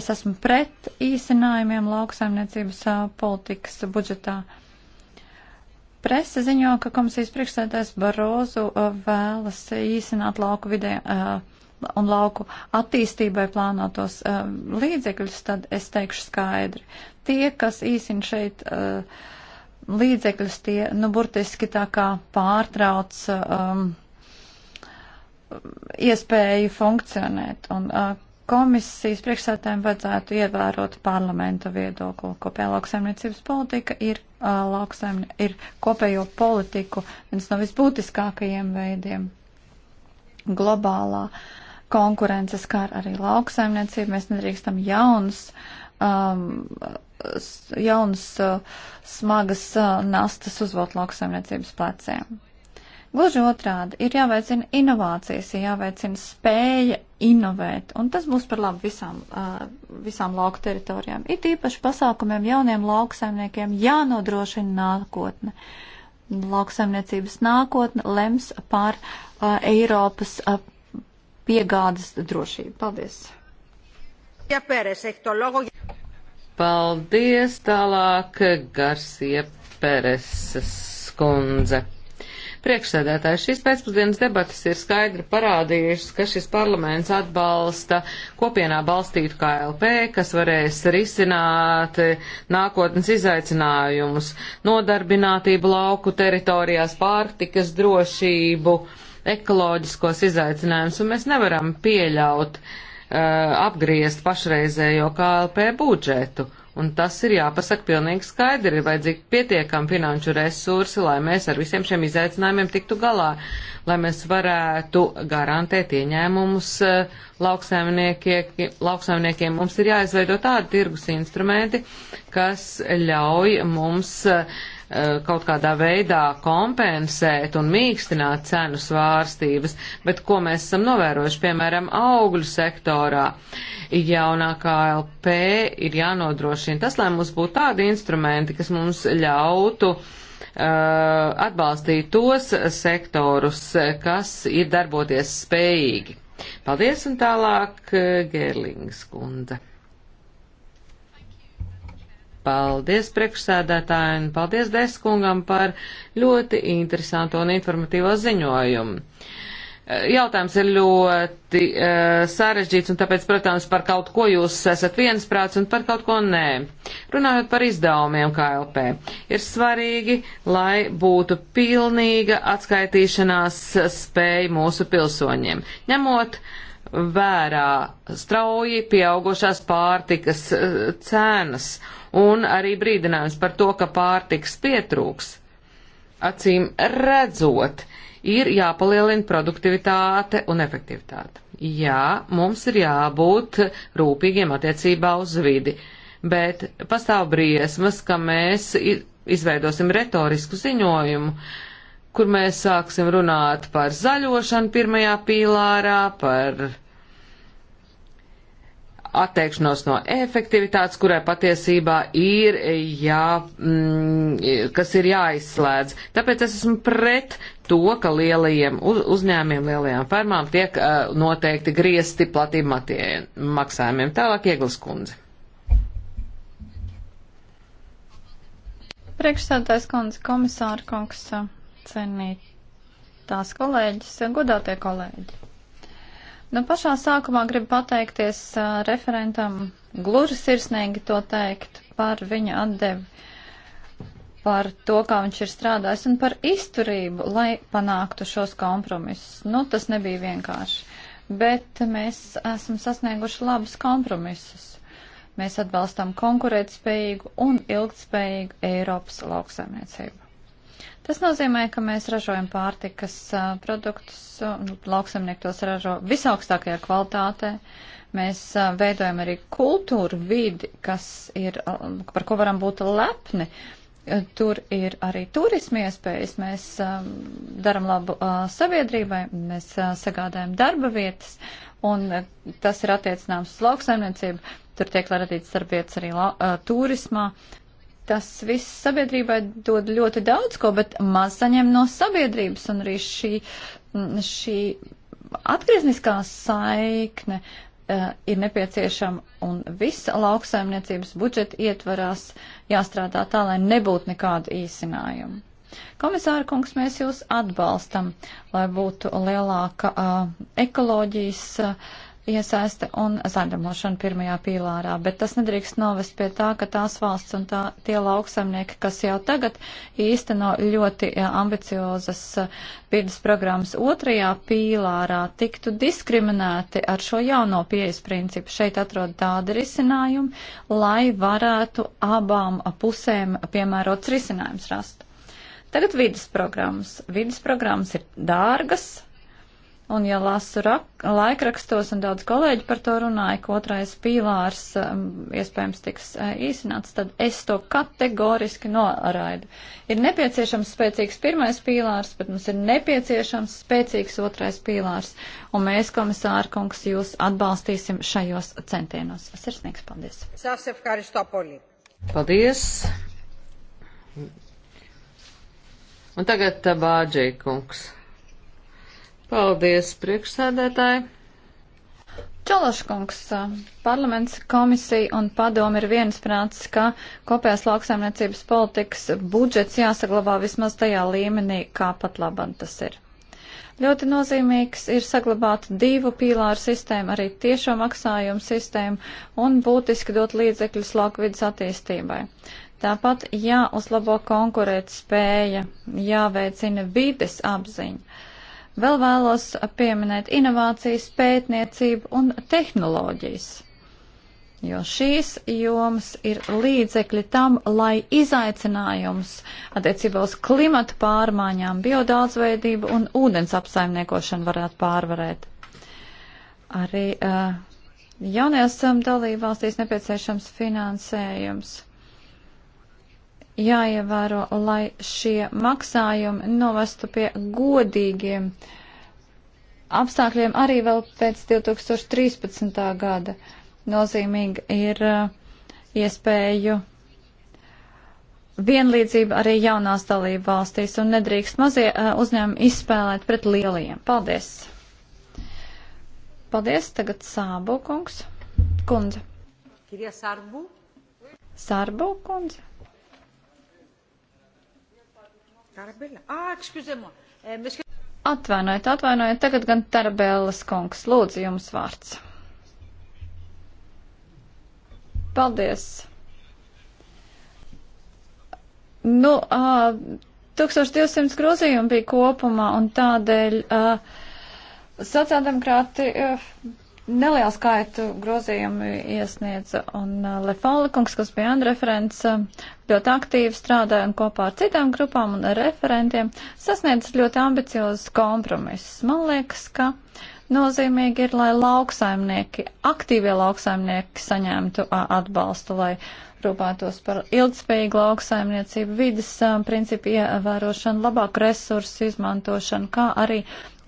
Es esmu pret īsinājumiem lauksaimniecības politikas budžetā. Uh, Presa ziņo, ka komisijas priekšsēdājs Barozu uh, vēlas īsināt lauku vidē uh, un lauku attīstībai plānotos uh, līdzekļus, tad es teikšu skaidri. Tie, kas īsin šeit līdzekļus, tie, nu, burtiski tā kā pārtrauc um, iespēju funkcionēt. Un, uh, komisijas priekšsētājiem vajadzētu ievērot parlamenta viedokli. Kopējā lauksaimniecības politika ir, lauksaimnie, ir kopējo politiku viens no visbūtiskākajiem veidiem. Globālā konkurence skar arī lauksaimniecību. Mēs nedrīkstam jaunas, um, jaunas uh, smagas uh, nastas uzvot lauksaimniecības pleciem. Gluži otrādi, ir jāveicina inovācijas, ir jāveicina spēja inovēt, un tas būs par labu visām, uh, visām lauku teritorijām. It īpaši pasākumiem jauniem lauksaimniekiem jānodrošina nākotne. Lauksaimniecības nākotne lems par uh, Eiropas uh, piegādes drošību. Paldies! Ja pēres, Paldies tālāk Garsie Pereses kundze. Priekšsēdētāji, šīs pēcpusdienas debatas ir skaidri parādījušas, ka šis parlaments atbalsta kopienā balstītu KLP, kas varēs risināt nākotnes izaicinājumus - nodarbinātību lauku teritorijās, pārtikas drošību, ekoloģiskos izaicinājumus, un mēs nevaram pieļaut uh, apgriezt pašreizējo KLP budžetu Un tas ir jāpasaka pilnīgi skaidri, ir vajadzīgi pietiekami finanšu resursi, lai mēs ar visiem šiem izaicinājumiem tiktu galā, lai mēs varētu garantēt ieņēmumus eh, lauksaimniekiem. Mums ir jāizveido tādi tirgus instrumenti, kas ļauj mums uh, Eh, kaut kādā veidā kompensēt un mīkstināt cenu svārstības, bet ko mēs esam novērojuši, piemēram, augļu sektorā. Jaunākā LP ir jānodrošina tas, lai mums būtu tādi instrumenti, kas mums ļautu uh, atbalstīt tos sektorus, kas ir darboties spējīgi. Paldies un tālāk, eh, Gerlings kundze. Paldies priekšsēdētāji un paldies Deskungam par ļoti interesantu un informatīvo ziņojumu. E, jautājums ir ļoti uh, sarežģīts, un tāpēc, protams, par kaut ko jūs esat viensprāts un par kaut ko nē. Runājot par izdevumiem KLP, ir svarīgi, lai būtu pilnīga atskaitīšanās spēja mūsu pilsoņiem, ņemot vērā strauji pieaugušās pārtikas e, cenas. Uh, un arī brīdinājums par to, ka pārtiks pietrūks. Acīm redzot, ir jāpalielina produktivitāte un efektivitāte. Jā, mums ir jābūt rūpīgiem attiecībā uz vidi, bet pastāv briesmas, ka mēs izveidosim retorisku ziņojumu, kur mēs sāksim runāt par zaļošanu pirmajā pīlārā, par atteikšanos no efektivitātes, kurai patiesībā ir jā, mm, kas ir jāizslēdz. Tāpēc es esmu pret to, ka lielajiem uz, uzņēmiem, lielajām fermām tiek uh, noteikti griesti platību maksājumiem. Tālāk ieglas kundze. Priekšsēdētājs kundze, komisāra kungs, cenīt tās kolēģis, godātie kolēģi. Nu, pašā sākumā gribu pateikties uh, referentam, gluži sirsnīgi to teikt, par viņa atdevi, par to, kā viņš ir strādājis un par izturību, lai panāktu šos kompromisus. Nu, tas nebija vienkārši, bet mēs esam sasnieguši labus kompromisus. Mēs atbalstam konkurētspējīgu un ilgtspējīgu Eiropas lauksaimniecību. Tas nozīmē, ka mēs ražojam pārtikas produktus, nu, lauksamnieki tos ražo visaugstākajā kvalitātē. Mēs veidojam arī kultūru vidi, kas ir, par ko varam būt lepni. Tur ir arī turismi iespējas, mēs daram labu sabiedrībai, mēs sagādājam darba vietas, un tas ir attiecināms uz lauksaimniecību. Tur tiek radīts darbvietas arī la, turismā, Tas viss sabiedrībai dod ļoti daudz ko, bet maz saņem no sabiedrības un arī šī, mm, šī atgriezniskā saikne uh, ir nepieciešama un visa lauksaimniecības budžeta ietvarās jāstrādā tā, lai nebūtu nekādu īsinājumu. Komisāra kungs, mēs jūs atbalstam, lai būtu lielāka uh, ekoloģijas. Uh, iesaiste un zaļumošana pirmajā pīlārā, bet tas nedrīkst novest pie tā, ka tās valsts un tā, tie lauksaimnieki, kas jau tagad īsteno ļoti ambiciozas vidas eh, programmas otrajā pīlārā, tiktu diskriminēti ar šo jauno pieejas principu. Šeit atrod tādi risinājumi, lai varētu abām pusēm piemērots risinājums rast. Tagad vidas programmas. Vidas programmas ir dārgas, Un ja lasu rak, laikrakstos, un daudz kolēģi par to runāja, ka otrais pīlārs um, iespējams tiks uh, īsināts, tad es to kategoriski noraidu. Ir nepieciešams spēcīgs pirmais pīlārs, bet mums ir nepieciešams spēcīgs otrais pīlārs. Un mēs, komisāra kungs, jūs atbalstīsim šajos centienos. Sirsnīgs paldies! Paldies! Un tagad uh, Bāģī kungs. Paldies, priekšsēdētāji! Čološkungs, parlaments, komisija un padomi ir viensprāts, ka kopējās lauksaimniecības politikas budžets jāsaglabā vismaz tajā līmenī, kā pat labam tas ir. Ļoti nozīmīgs ir saglabāt divu pīlāru sistēmu, arī tiešo maksājumu sistēmu un būtiski dot līdzekļus lauku vidas attīstībai. Tāpat jāuzlabo konkurēt spēja, jāveicina vides apziņa Vēl vēlos pieminēt inovācijas, pētniecību un tehnoloģijas, jo šīs jomas ir līdzekļi tam, lai izaicinājums attiecībā uz klimatu pārmaiņām, biodaudzveidību un ūdens apsaimniekošanu varētu pārvarēt. Arī uh, jaunajās um, dalībvalstīs nepieciešams finansējums jāievēro, lai šie maksājumi novestu pie godīgiem apstākļiem arī vēl pēc 2013. gada. Nozīmīgi ir uh, iespēju vienlīdzība arī jaunās dalību valstīs un nedrīkst mazie uh, uzņēmumi izspēlēt pret lielajiem. Paldies! Paldies, tagad Sābu kungs. Kundze. Sarbu kundze. Ah, euh, atvainojiet, atvainojiet, tagad gan Tarabēlas kungs, lūdzu jums vārds. Paldies. Nu, uh, 1200 grozījumu bija kopumā un tādēļ uh, sociāldemokrāti. Uh, Nelielu skaitu grozījumu iesniedza un uh, Lefāla kungs, kas bija referents, uh, ļoti aktīvi strādāja un kopā ar citām grupām un referentiem sasniedz ļoti ambiciozus kompromisus. Man liekas, ka nozīmīgi ir, lai lauksaimnieki, aktīvie lauksaimnieki saņemtu uh, atbalstu, lai rūpētos par ilgspējīgu lauksaimniecību, vidas principu ievērošanu, labāku resursu izmantošanu, kā arī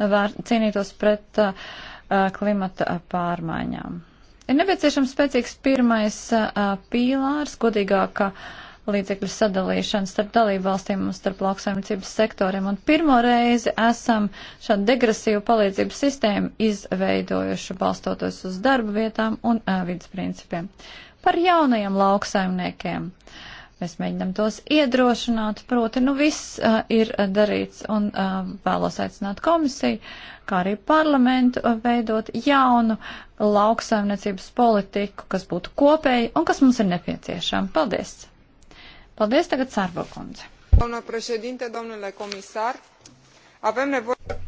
vēr, cīnītos pret uh, Uh, klimata uh, pārmaiņām. Ir nepieciešams spēcīgs pirmais uh, pīlārs, godīgāka līdzekļu sadalīšana starp dalību valstīm un starp lauksaimniecības sektoriem. Un pirmo reizi esam šādu degresīvu palīdzību sistēmu izveidojuši balstoties uz darba vietām un vidas principiem. Par jaunajiem lauksaimniekiem. Uh, Mēs mēģinam tos iedrošināt, proti, nu viss uh, ir darīts un uh, vēlos aicināt komisiju, kā arī parlamentu uh, veidot jaunu lauksaimniecības politiku, kas būtu kopēji un kas mums ir nepieciešama. Paldies! Paldies tagad Sārvokundze. Domnul președinte, domnule comisar, avem nevoie.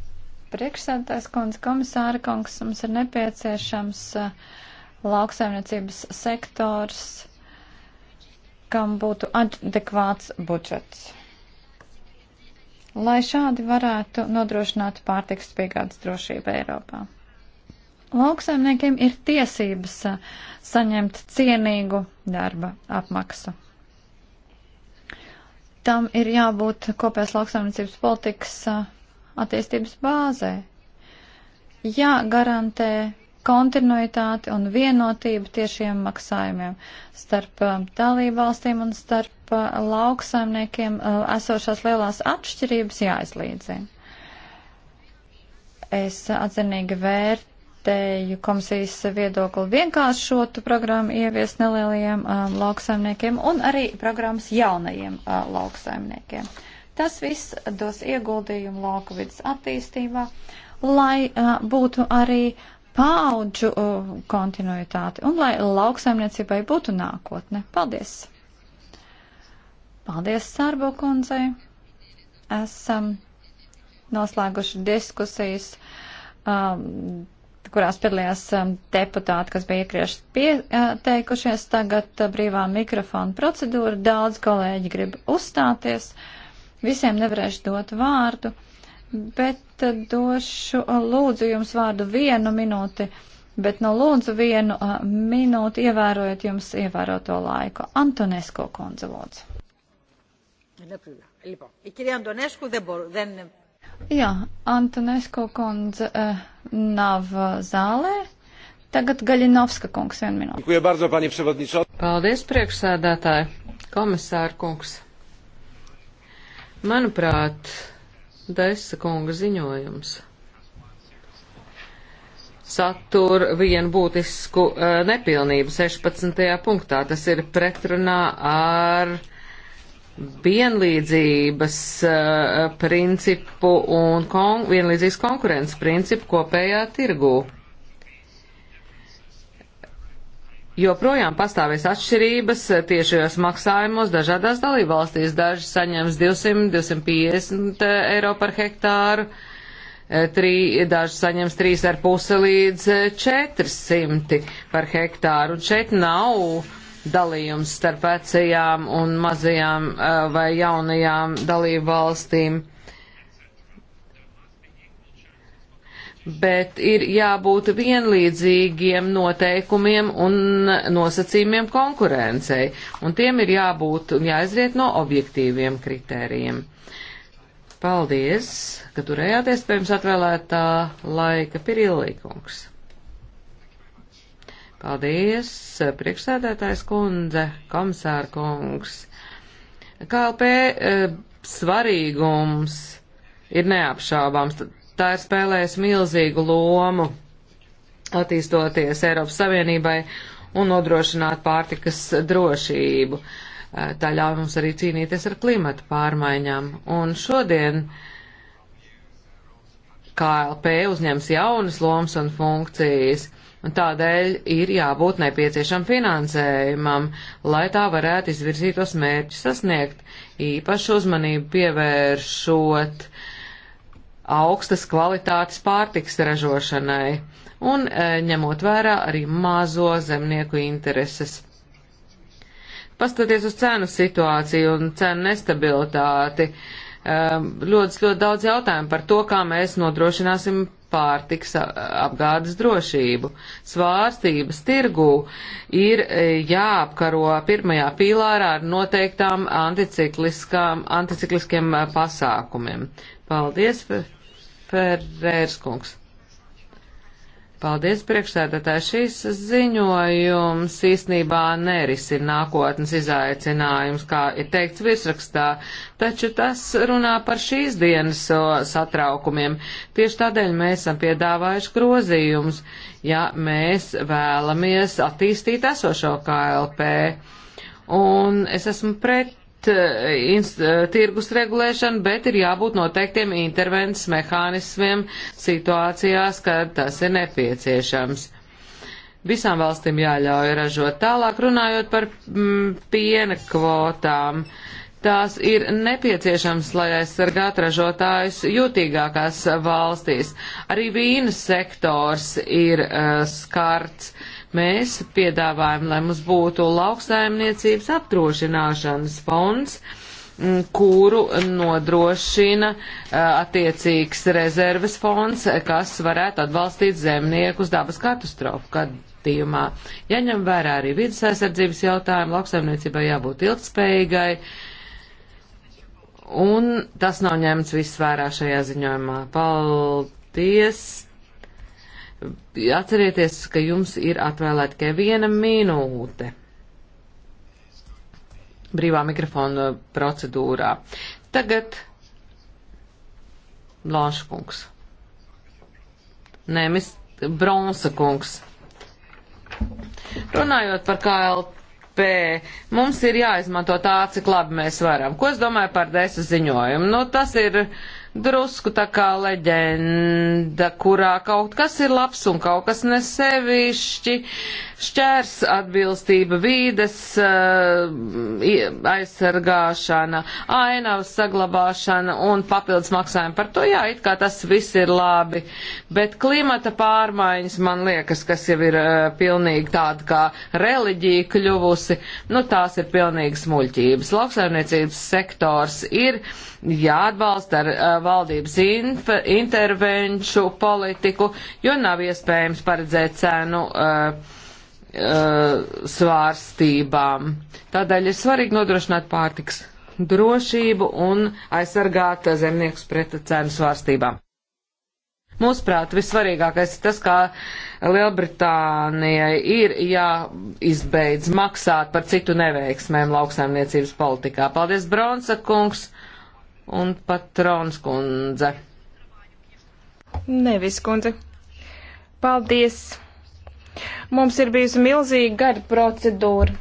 Priekšsēdētājs kundze, komisāra kungs, mums ir nepieciešams uh, lauksaimniecības sektors kam būtu adekvāts budžets. Lai šādi varētu nodrošināt pārtiks piegādes drošību Eiropā. Lauksaimniekiem ir tiesības saņemt cienīgu darba apmaksu. Tam ir jābūt kopējās lauksaimniecības politikas attīstības bāzē. Jāgarantē kontinuitāti un vienotību tiešiem maksājumiem starp um, dalību valstīm un starp uh, lauksaimniekiem uh, esošās lielās atšķirības jāizlīdzina. Es atzinīgi vērt vērtēju komisijas viedokli vienkāršotu programmu ievies nelielajiem um, lauksaimniekiem un arī programmas jaunajiem uh, lauksaimniekiem. Tas viss dos ieguldījumu lauku vidas attīstībā, lai uh, būtu arī paudžu uh, kontinuitāti un lai lauksaimniecībai būtu nākotne. Paldies! Paldies, Sārbo kundzei! Esam noslēguši diskusijas. Um, kurās piedalījās um, deputāti, kas bija iepriekš pieteikušies. Tagad uh, brīvā mikrofona procedūra. Daudz kolēģi grib uzstāties. Visiem nevarēšu dot vārdu bet došu lūdzu jums vārdu vienu minūti, bet no nu lūdzu vienu minūti ievērojot jums ievēroto laiku. Antonesko kundze lūdzu. Jā, Antonesko kundze nav zālē. Tagad Gaļinovska kungs vienu minūti. Paldies, priekšsēdētāji, komisāra kungs. Manuprāt, Desa kunga ziņojums satur vienu būtisku uh, nepilnību 16. punktā. Tas ir pretrunā ar vienlīdzības uh, principu un kon vienlīdzības konkurences principu kopējā tirgū. joprojām pastāvēs atšķirības tiešajos maksājumos dažādās dalībvalstīs. Daži saņems 200, 250 eiro par hektāru, e, trī, daži saņems 3,5 līdz 400 e, par hektāru. Un šeit nav dalījums starp vecajām un mazajām e, vai jaunajām dalībvalstīm. valstīm bet ir jābūt vienlīdzīgiem noteikumiem un nosacījumiem konkurencei, un tiem ir jābūt un jāizriet no objektīviem kritērijiem. Paldies, ka turējāties pie jums atvēlētā laika pirīlīkums. Paldies, priekšsēdētājs kundze, komisāra kungs. KLP e, eh, svarīgums ir neapšābāms tā ir spēlējusi milzīgu lomu attīstoties Eiropas Savienībai un nodrošināt pārtikas drošību. Eh, tā ļauj mums arī cīnīties ar klimatu pārmaiņām. Un šodien KLP uzņems jaunas lomas un funkcijas, un tādēļ ir jābūt nepieciešam finansējumam, lai tā varētu izvirzītos mērķus sasniegt, īpaši uzmanību pievēršot uh, augstas kvalitātes pārtiks ražošanai un e, ņemot vērā arī mazo zemnieku intereses. Pastoties uz cenu situāciju un cenu nestabilitāti, ļoti, e, ļoti daudz jautājumu par to, kā mēs nodrošināsim pārtiks apgādes drošību. Svārstības tirgū ir e, jāapkaro pirmajā pīlārā ar noteiktām anticikliskiem pasākumiem. Paldies! Ferērskungs. Paldies, priekšsēdētāji. Šīs ziņojums īsnībā nerisina nākotnes izaicinājums, kā ir teikts virsrakstā, taču tas runā par šīs dienas satraukumiem. Tieši tādēļ mēs esam piedāvājuši grozījumus, ja mēs vēlamies attīstīt esošo KLP. Un es esmu pret Eh, eh, tirgus regulēšanu, bet ir jābūt noteiktiem intervences mehānismiem situācijās, kad tas ir nepieciešams. Visām valstīm jāļauj ražot tālāk, runājot par mm, piena kvotām. Tās ir nepieciešams, lai aizsargātu ražotājus jūtīgākās valstīs. Arī vīna sektors ir uh, skarts. Uh, Mēs piedāvājam, lai mums būtu lauksaimniecības apdrošināšanas fonds, kuru nodrošina attiecīgs rezerves fonds, kas varētu atbalstīt zemniekus dabas katastrofu gadījumā. Jaņem vērā arī vidas aizsardzības jautājumu, lauksaimniecībai jābūt ilgspējīgai. Un tas nav ņemts viss vērā šajā ziņojumā. Paldies! Atcerieties, ka jums ir atvēlēta tikai viena minūte brīvā mikrofona procedūrā. Tagad Blanša kungs. Nē, mis Bronsa kungs. Runājot par KLP, mums ir jāizmanto tā, cik labi mēs varam. Ko es domāju par desu ziņojumu? Nu, tas ir. Uh, drusku tā kā leģenda, kurā kaut kas ir labs un kaut kas nesevišķi, šķērs atbilstība vīdes eh, aizsargāšana, ainavas saglabāšana un papildus maksājumi par to. Jā, it kā tas viss ir labi, bet klimata pārmaiņas, man liekas, kas jau ir eh, pilnīgi tāda kā reliģija kļuvusi, nu tās ir pilnīgi smuļķības. Lauksaimniecības sektors ir jāatbalsta ar uh, valdības infa, intervenču politiku, jo nav iespējams paredzēt cenu uh, svārstībām. Tādēļ ir svarīgi nodrošināt pārtiks drošību un aizsargāt zemniekus pret cenu svārstībām. Mūsuprāt, vissvarīgākais ir tas, kā Lielbritānijai ir jāizbeidz maksāt par citu neveiksmēm lauksaimniecības politikā. Paldies, Bronsa kungs! un patrons kundze. Nevis kundze. Paldies! Mums ir bijusi milzīga gara procedūra.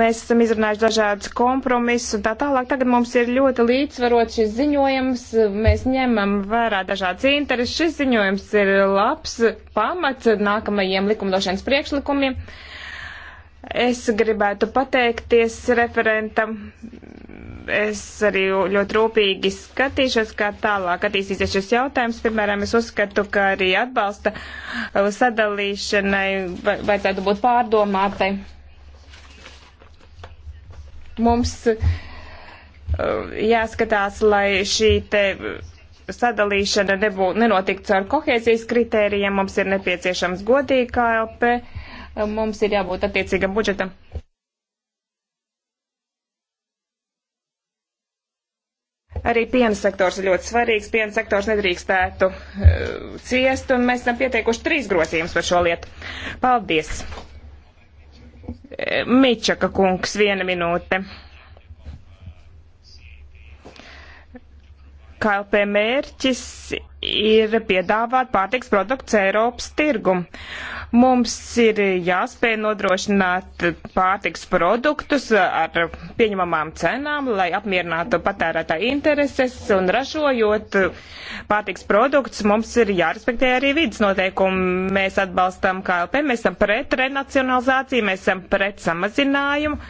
Mēs esam izrunājuši dažādas kompromisus un tā tālāk. Tagad mums ir ļoti līdzsvarots šis ziņojums. Mēs ņemam vērā dažādas intereses. Šis ziņojums ir labs pamats nākamajiem likumdošanas priekšlikumiem. Uh, Es gribētu pateikties referentam. Es arī ļoti rūpīgi skatīšos, kā tālāk attīstīsies šis jautājums. Piemēram, es uzskatu, ka arī atbalsta sadalīšanai vajadzētu būt pārdomātai. Mums uh, jāskatās, lai šī te sadalīšana nebūtu nenotikts ar kohēzijas kritērijiem. Mums ir nepieciešams godīgi KLP mums ir jābūt attiecīgam budžetam. Arī piena sektors ir ļoti svarīgs. Piena sektors nedrīkstētu uh, ciest, un mēs esam pieteikuši trīs grozījumus par šo lietu. Paldies! Eh, Mičaka kungs, viena minūte. KLP mērķis ir piedāvāt pārtiks produkts Eiropas tirgu. Mums ir jāspēj nodrošināt pārtiks produktus ar pieņemamām cenām, lai apmierinātu patērētā intereses un ražojot pārtiks produktus, mums ir jārespektē arī vidas noteikumi. Mēs atbalstam KLP, mēs esam pret renacionalizāciju, mēs esam pret samazinājumu.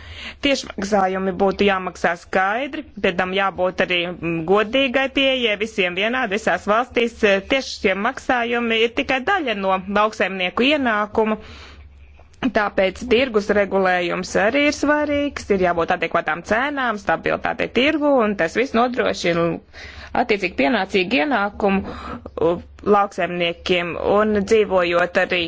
Tieši maksājumi būtu jāmaksā skaidri, pēc tam jābūt arī godīgai pieejai visiem vienādi visās valstīs valstīs eh, tiešie maksājumi ir tikai daļa no lauksaimnieku ienākumu. Tāpēc tirgus regulējums arī ir svarīgs, ir jābūt adekvatām cenām, stabilitātei tirgu, un tas viss nodrošina attiecīgi pienācīgu ienākumu uh, lauksaimniekiem un dzīvojot arī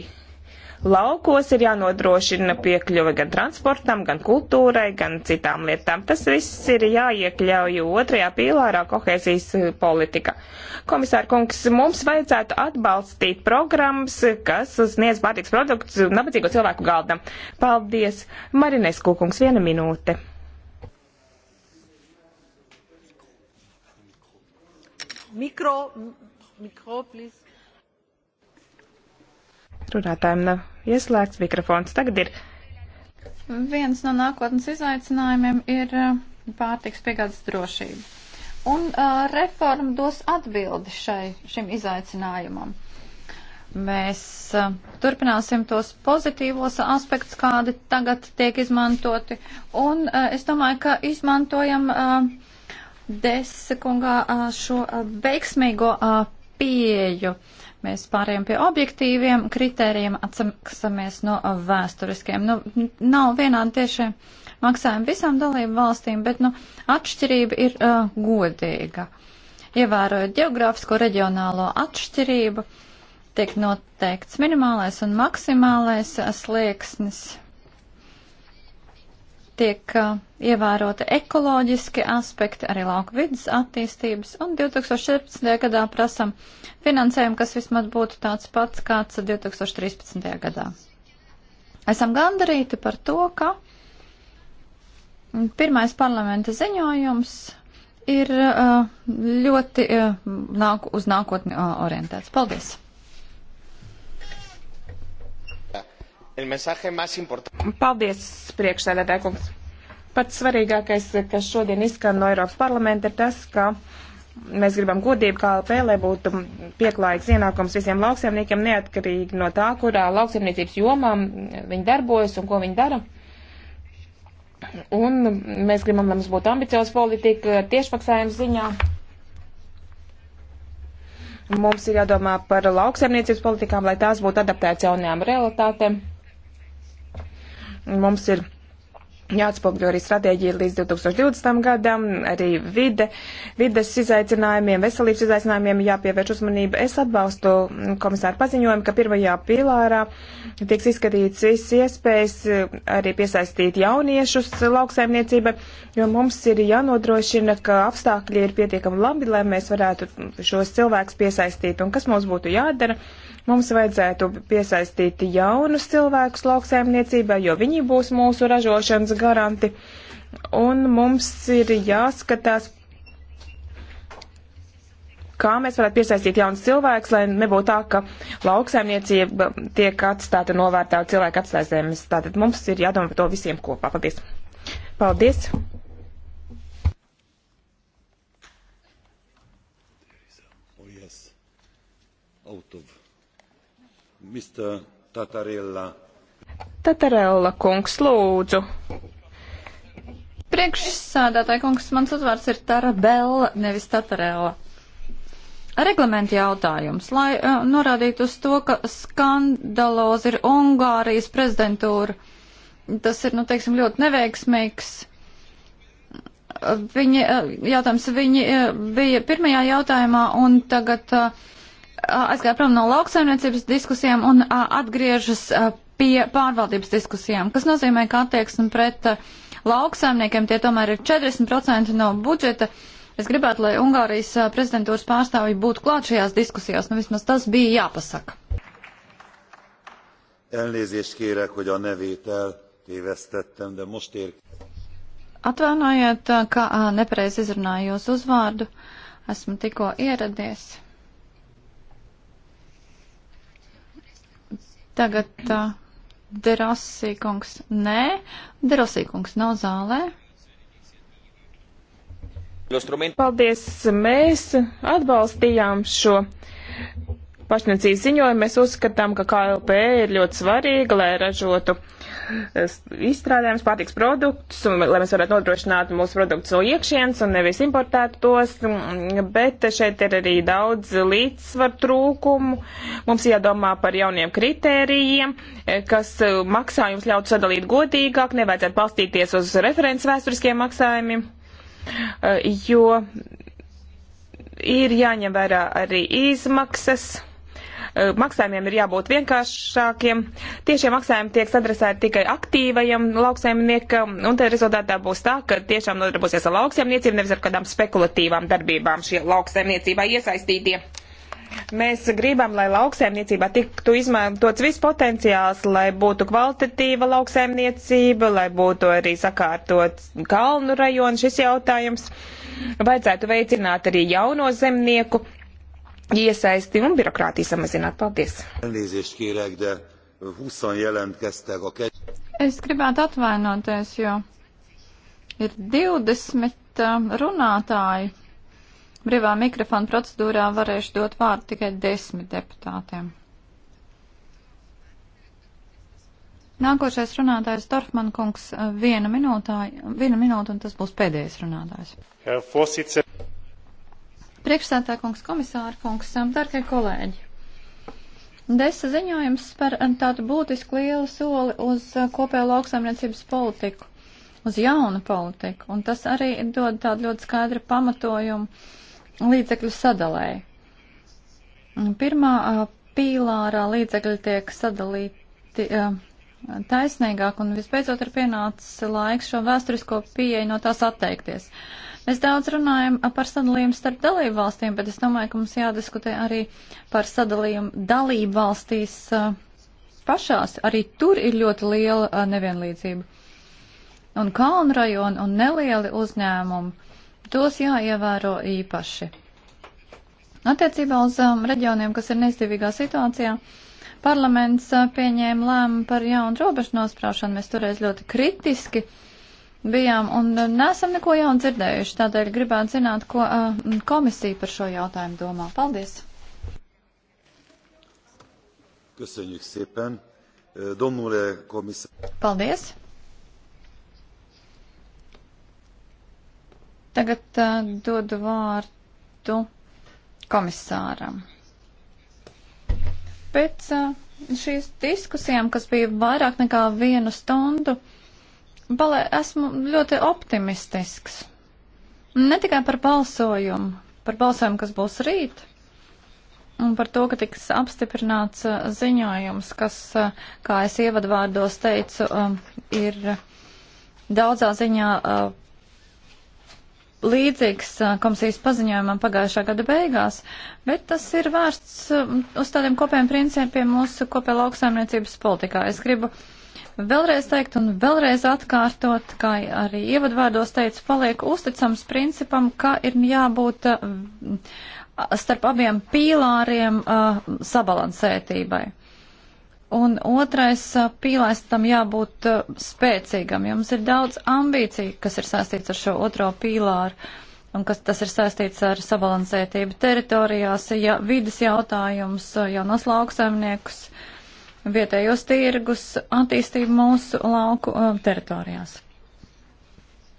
Laukos ir jānodrošina piekļuve gan transportam, gan kultūrai, gan citām lietām. Tas viss ir jāiekļauj otrajā pīlārā kohēzijas eh, politika. Komisāra kungs, mums vajadzētu atbalstīt programmas, kas sniedz pārtiks produkts nabadzīgo cilvēku galdam. Paldies! Marinēs Kukungs, viena minūte. Mikro, mikro, please. Runātājiem nav ieslēgts mikrofons. Tagad ir. Viens no nākotnes izaicinājumiem ir uh, pārtiks piegādes drošība. Un uh, reforma dos atbildi šai, šim izaicinājumam. Mēs uh, turpināsim tos pozitīvos aspektus, kādi tagad tiek izmantoti. Un uh, es domāju, ka izmantojam uh, desekungā uh, šo uh, veiksmīgo uh, pieju. Uh, Mēs pārējām pie objektīviem kritērijiem, atsakāmies no vēsturiskiem. Nu, nav vienādi tieši maksājumi visām dalību valstīm, bet nu, atšķirība ir uh, godīga. Ievērojot geogrāfisko reģionālo atšķirību, tiek noteikts minimālais un maksimālais slieksnis tiek ievērota ekoloģiski aspekti, arī lauka vidas attīstības, un 2014. gadā prasam finansējumu, kas vismaz būtu tāds pats, kāds 2013. gadā. Esam gandarīti par to, ka pirmais parlamenta ziņojums ir uh, ļoti uh, nāk, uz nākotni uh, orientēts. Paldies! Paldies, priekšsēdētāj kungs. Pats svarīgākais, kas šodien izskan no Eiropas parlamenta, ir tas, ka mēs gribam godību KLP, lai būtu pieklājīgs ienākums visiem lauksaimniekiem, neatkarīgi no tā, kurā lauksaimniecības jomā viņi darbojas un ko viņi dara. Un mēs gribam, lai mums būtu ambiciozs politika tiešmaksājuma ziņā. Mums ir jādomā par lauksaimniecības politikām, lai tās būtu adaptētas jaunajām realitātēm mums ir jāatspogļo arī stratēģija līdz 2020. gadam, arī vide, vides izaicinājumiem, veselības izaicinājumiem jāpievērš uzmanība. Es atbalstu komisāru paziņojumu, ka pirmajā pilārā tiks izskatīts viss iespējas arī piesaistīt jauniešus lauksaimniecībai, jo mums ir jānodrošina, ka apstākļi ir pietiekami labi, lai mēs varētu šos cilvēkus piesaistīt. Un kas mums būtu jādara? Mums vajadzētu piesaistīt jaunus cilvēkus lauksaimniecībā, jo viņi būs mūsu ražošanas garanti. Un mums ir jāskatās, kā mēs varētu piesaistīt jaunus cilvēkus, lai nebūtu tā, ka lauksaimniecība tiek atstāta novērtā cilvēku atstāstēmis. Tātad mums ir jādomā par to visiem kopā. Paldies! Paldies! Mr. Tatarella. Tatarella kungs, lūdzu. Priekšsādātāja kungs, mans uzvārds ir Tarabella, nevis Tatarella. Reglamenta jautājums, lai uh, norādītu uz to, ka skandalos ir Ungārijas prezidentūra. Tas ir, nu, teiksim, ļoti neveiksmīgs viņi, eh, jautājums, viņi eh, bija pirmajā jautājumā un tagad aizgāja prom no lauksaimniecības diskusijām un atgriežas pie pārvaldības diskusijām, kas nozīmē, ka attieksme pret lauksaimniekiem tie tomēr ir 40% no budžeta. Es gribētu, lai Ungārijas prezidentūras pārstāvji būtu klāt šajās diskusijās, nu vismaz tas bija jāpasaka. Elnézést kérek, hogy a nevét eltévesztettem, de most ér. Atvainojiet, ka nepareizi izrunāju jūsu uzvārdu. Esmu tikko ieradies. Tagad uh, Derosī kungs nē, Derosī kungs nav zālē. Paldies, mēs atbalstījām šo pašnācības ziņojumu. Mēs uzskatām, ka KLP ir ļoti svarīga, lai ražotu uh, izstrādājums, pārtiks produktus, un, lai mēs varētu nodrošināt mūsu produktus no iekšienes un nevis importēt tos, bet šeit ir arī daudz līdzsvar trūkumu. Mums jādomā par jauniem kritērijiem, kas maksājums ļautu sadalīt godīgāk, nevajadzētu balstīties uz referents vēsturiskiem maksājumiem, jo ir jāņem vērā arī izmaksas Eh, maksājumiem ir jābūt vienkāršākiem. Tiešie maksājumi tiek sadresēti tikai aktīvajam lauksaimniekam, un te rezultātā būs tā, ka tiešām nodarbosies ar lauksaimniecību, nevis ar kādām spekulatīvām darbībām šie lauksaimniecībā iesaistītie. Mēs gribam, lai lauksaimniecībā tiktu izmantots viss potenciāls, lai būtu kvalitatīva lauksaimniecība, lai būtu arī sakārtots kalnu rajonu šis jautājums. Vajadzētu veicināt arī jauno zemnieku iesaisti un birokrātiju samazināt. Paldies! Elnézést kérek, de 20 jelentkeztek a kegy... Es gribētu atvainoties, jo ir 20 um, runātāji. Brīvā mikrofona procedūrā varēšu dot vārdu tikai 10 deputātiem. Nākošais runātājs Dorfman kungs uh, viena, minūtā, viena minūte, un tas būs pēdējais runātājs. Priekšsētā kungs, komisāra kungs, darbie kolēģi. Desa ziņojums par eh, tādu būtisku lielu soli uz eh, kopējo lauksaimniecības politiku, uz jaunu politiku, un tas arī dod tādu ļoti skaidru pamatojumu līdzekļu sadalēju. Pirmā eh, pīlārā līdzekļi tiek sadalīti taisnīgāk, un visbeidzot ir pienācis laiks šo vēsturisko pieeju no tās atteikties. Uh, Mēs daudz runājam par sadalījumu starp dalību valstīm, bet es domāju, ka mums jādiskutē arī par sadalījumu dalību valstīs eh, pašās. Arī tur ir ļoti liela eh, nevienlīdzība. Un kalnu rajonu un nelieli uzņēmumi, tos jāievēro īpaši. Attiecībā uz um, reģioniem, kas ir neizdevīgā situācijā, parlaments uh, pieņēma lēmumu par jaunu robežu nosprāšanu. Mēs toreiz ļoti kritiski uh, bijām un nesam neko jaunu dzirdējuši. Tādēļ gribētu zināt, ko uh, komisija par šo jautājumu domā. Paldies! Köszönjük szépen! E, Domnule komisār! Paldies! Tagad uh, dodu vārdu komisāram. Pēc uh, šīs diskusijām, kas bija vairāk nekā vienu stundu, uh, Balē, esmu ļoti optimistisks. Ne tikai par balsojumu, par balsojumu, kas būs rīt, un par to, ka tiks apstiprināts uh, ziņojums, kas, uh, kā es ievadvārdos teicu, um, ir daudzā ziņā uh, līdzīgs komisijas paziņojumam pagājušā gada beigās, bet tas ir vērsts um, uz tādiem kopējiem principiem mūsu kopējā lauksaimniecības politikā. Es gribu uh, vēlreiz teikt un vēlreiz atkārtot, kā arī ievadvārdos teicu, paliek uzticams principam, ka ir jābūt eh, starp abiem pīlāriem eh, sabalansētībai. Un otrais eh, pīlārs tam jābūt spēcīgam. Jums ir daudz ambīciju, kas ir saistīts ar šo otro pīlāru un kas tas ir saistīts ar sabalansētību teritorijās, ja vidas jautājums, jaunos lauksaimniekus. Uh, vietējos tirgus, attīstību mūsu lauku uh, teritorijās.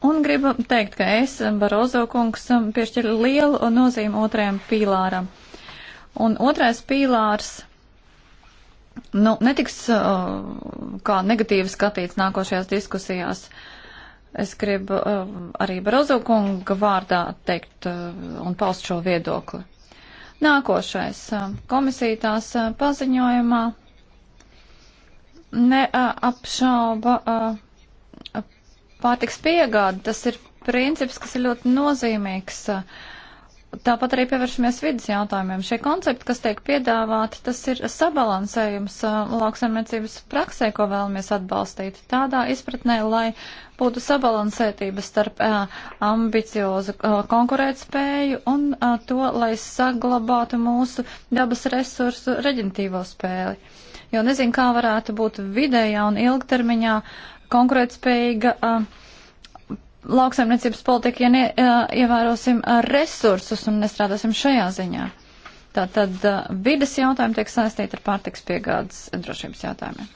Un gribu teikt, ka es, Barozo kungs, piešķiru lielu nozīmi otrajam pīlāram. Un otrais pīlārs nu, netiks uh, kā negatīvi skatīts nākošajās diskusijās. Es gribu uh, arī Barozo kunga vārdā teikt uh, un paust šo viedokli. Nākošais uh, komisija tās uh, paziņojumā neapšauba pārtiks piegādi. Tas ir princips, kas ir ļoti nozīmīgs. Tāpat arī pievēršamies vidas jautājumiem. Šie koncepti, kas tiek piedāvāti, tas ir sabalansējums lauksaimniecības praksē, ko vēlamies atbalstīt. Tādā izpratnē, lai būtu sabalansētība starp ambiciozu konkurētspēju un to, lai saglabātu mūsu dabas resursu reģentīvo spēli jo nezinu, kā varētu būt vidējā un ilgtermiņā konkurētspējīga uh, lauksaimniecības politika, ja ne, uh, ievērosim uh, resursus un nestrādāsim šajā ziņā. Tātad uh, vides jautājumi tiek saistīti ar pārtiks piegādes drošības jautājumiem.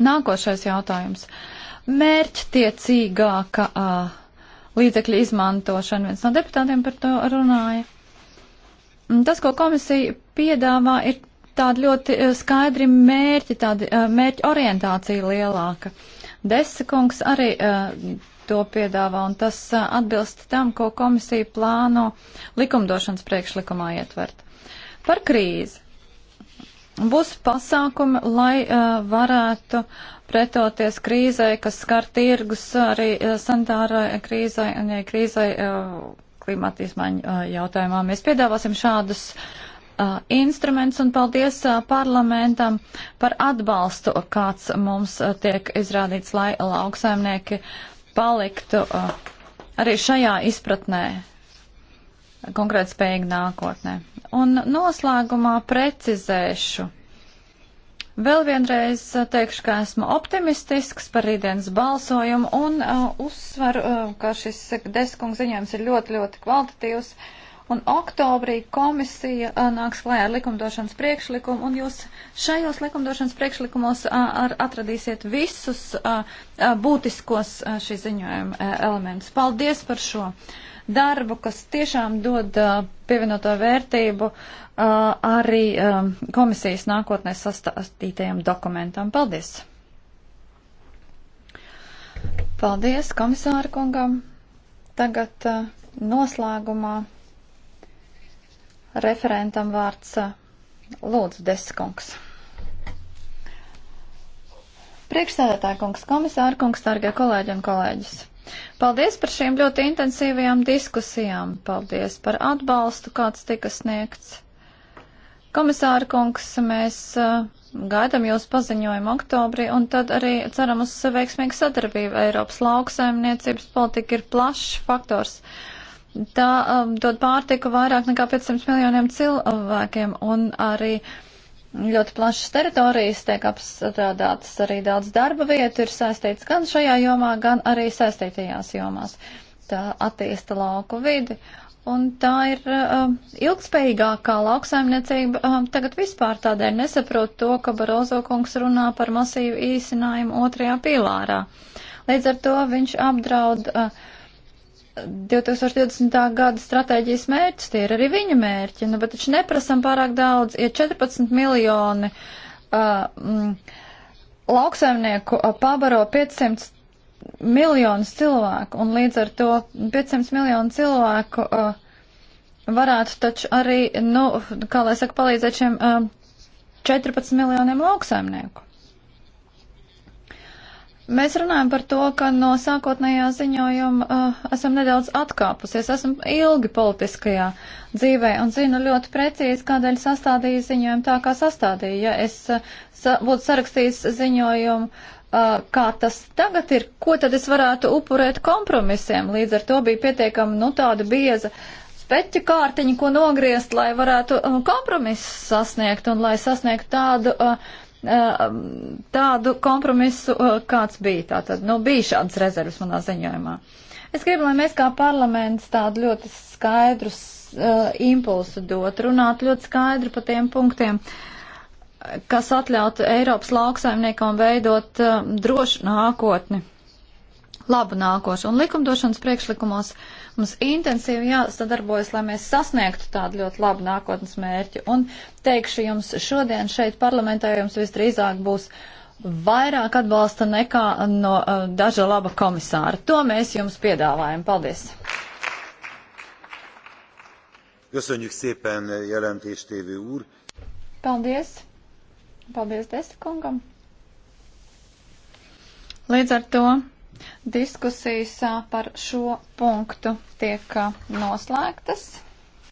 Nākošais jautājums. Mērķtiecīgāka uh, līdzekļu izmantošana. Viens no deputātiem par to runāja. Tas, ko komisija piedāvā, ir tādi ļoti eh, skaidri mērķi, tādi eh, mērķi orientācija lielāka. Desakungs arī eh, to piedāvā, un tas atbilst tam, ko komisija plāno likumdošanas priekšlikumā ietvert. Par krīzi. Būs pasākumi, lai uh, varētu pretoties krīzai, kas skar tirgus, arī uh, sanitārai krīzai un ja krīzai uh, klimata izmaiņu uh, jautājumā. Mēs piedāvāsim šādus uh, uh, instruments un paldies uh, parlamentam par atbalstu, kāds mums uh, tiek izrādīts, lai lauksaimnieki paliktu uh, arī šajā izpratnē konkrēt spējīgi nākotnē. Un noslēgumā precizēšu. Vēl vienreiz uh, teikšu, ka esmu optimistisks par rītdienas balsojumu un uh, uzsveru, uh, ka šis deskungs ziņojums ir ļoti, ļoti kvalitatīvs. Uh, un oktobrī komisija nāks klajā ar likumdošanas priekšlikumu, un jūs šajos likumdošanas priekšlikumos ar, atradīsiet visus būtiskos šī ziņojuma elementus. Paldies par šo darbu, kas tiešām dod pievienoto vērtību arī komisijas nākotnē sastāstītajam dokumentam. Paldies! Paldies komisāra kungam. Tagad uh, noslēgumā Referentam vārds eh, Lūdzu Deskungs. Priekšsēdētāja kungs, komisāra kungs, dargie kolēģi un kolēģis. Paldies par šīm ļoti intensīvajām diskusijām. Paldies par atbalstu, kāds tika sniegts. Komisāra kungs, mēs eh, gaidam jūs paziņojumu oktobrī un tad arī ceram uz veiksmīgu sadarbību. Eiropas lauksaimniecības politika ir plašs faktors. Uh, Tā um, dod pārtiku vairāk nekā 500 miljoniem cilvēkiem un arī ļoti plašas teritorijas tiek apstrādātas, arī daudz darba vietu ir saistīts gan šajā jomā, gan arī saistītajās jomās. Tā attīsta lauku vidi un tā ir um, ilgspējīgākā lauksaimniecība um, tagad vispār tādēļ nesaprot to, ka Barozo kungs runā par masīvu īsinājumu otrajā pīlārā. Līdz ar to viņš apdraud uh, 2020. gada stratēģijas mērķis, tie ir arī viņa mērķi, nu, bet taču neprasam pārāk daudz, ir 14 miljoni uh, m, mm, lauksaimnieku uh, pabaro 500 miljonus cilvēku, un līdz ar to 500 miljonu cilvēku uh, varētu taču arī, nu, kā lai saka, palīdzēt šiem uh, 14 miljoniem lauksaimnieku. Mēs runājam par to, ka no sākotnējā ziņojuma uh, esam nedaudz atkāpusies. Esam ilgi politiskajā dzīvē un zinu ļoti precīzi, kādēļ sastādīju ziņojumu tā, kā sastādīju. Ja es uh, sa būtu sarakstījis ziņojumu, uh, kā tas tagad ir, ko tad es varētu upurēt kompromisiem. Līdz ar to bija pietiekami, nu, tāda bieza peķu kārtiņa, ko nogriezt, lai varētu uh, kompromisu sasniegt un lai sasniegtu tādu. Uh, Eh, tādu kompromisu, eh, kāds bija. Tātad, nu, bija šādas rezervas manā ziņojumā. Es gribu, lai mēs kā parlaments tādu ļoti skaidru uh, eh, impulsu dot, runāt ļoti skaidru par tiem punktiem, kas atļautu Eiropas lauksaimniekam veidot uh, drošu nākotni, labu nākošu. Un likumdošanas priekšlikumos uh, Mums intensīvi jāsadarbojas, lai mēs sasniegtu tādu ļoti labu nākotnes mērķi. Un teikšu jums, šodien šeit parlamentā jums visdrīzāk būs vairāk atbalsta nekā no uh, daža laba komisāra. To mēs jums piedāvājam. Paldies! Köszönjük szépen, jelentéstévő úr! Paldies! Paldies Desikungam! Līdz ar to Diskusijas par šo punktu tiek noslēgtas.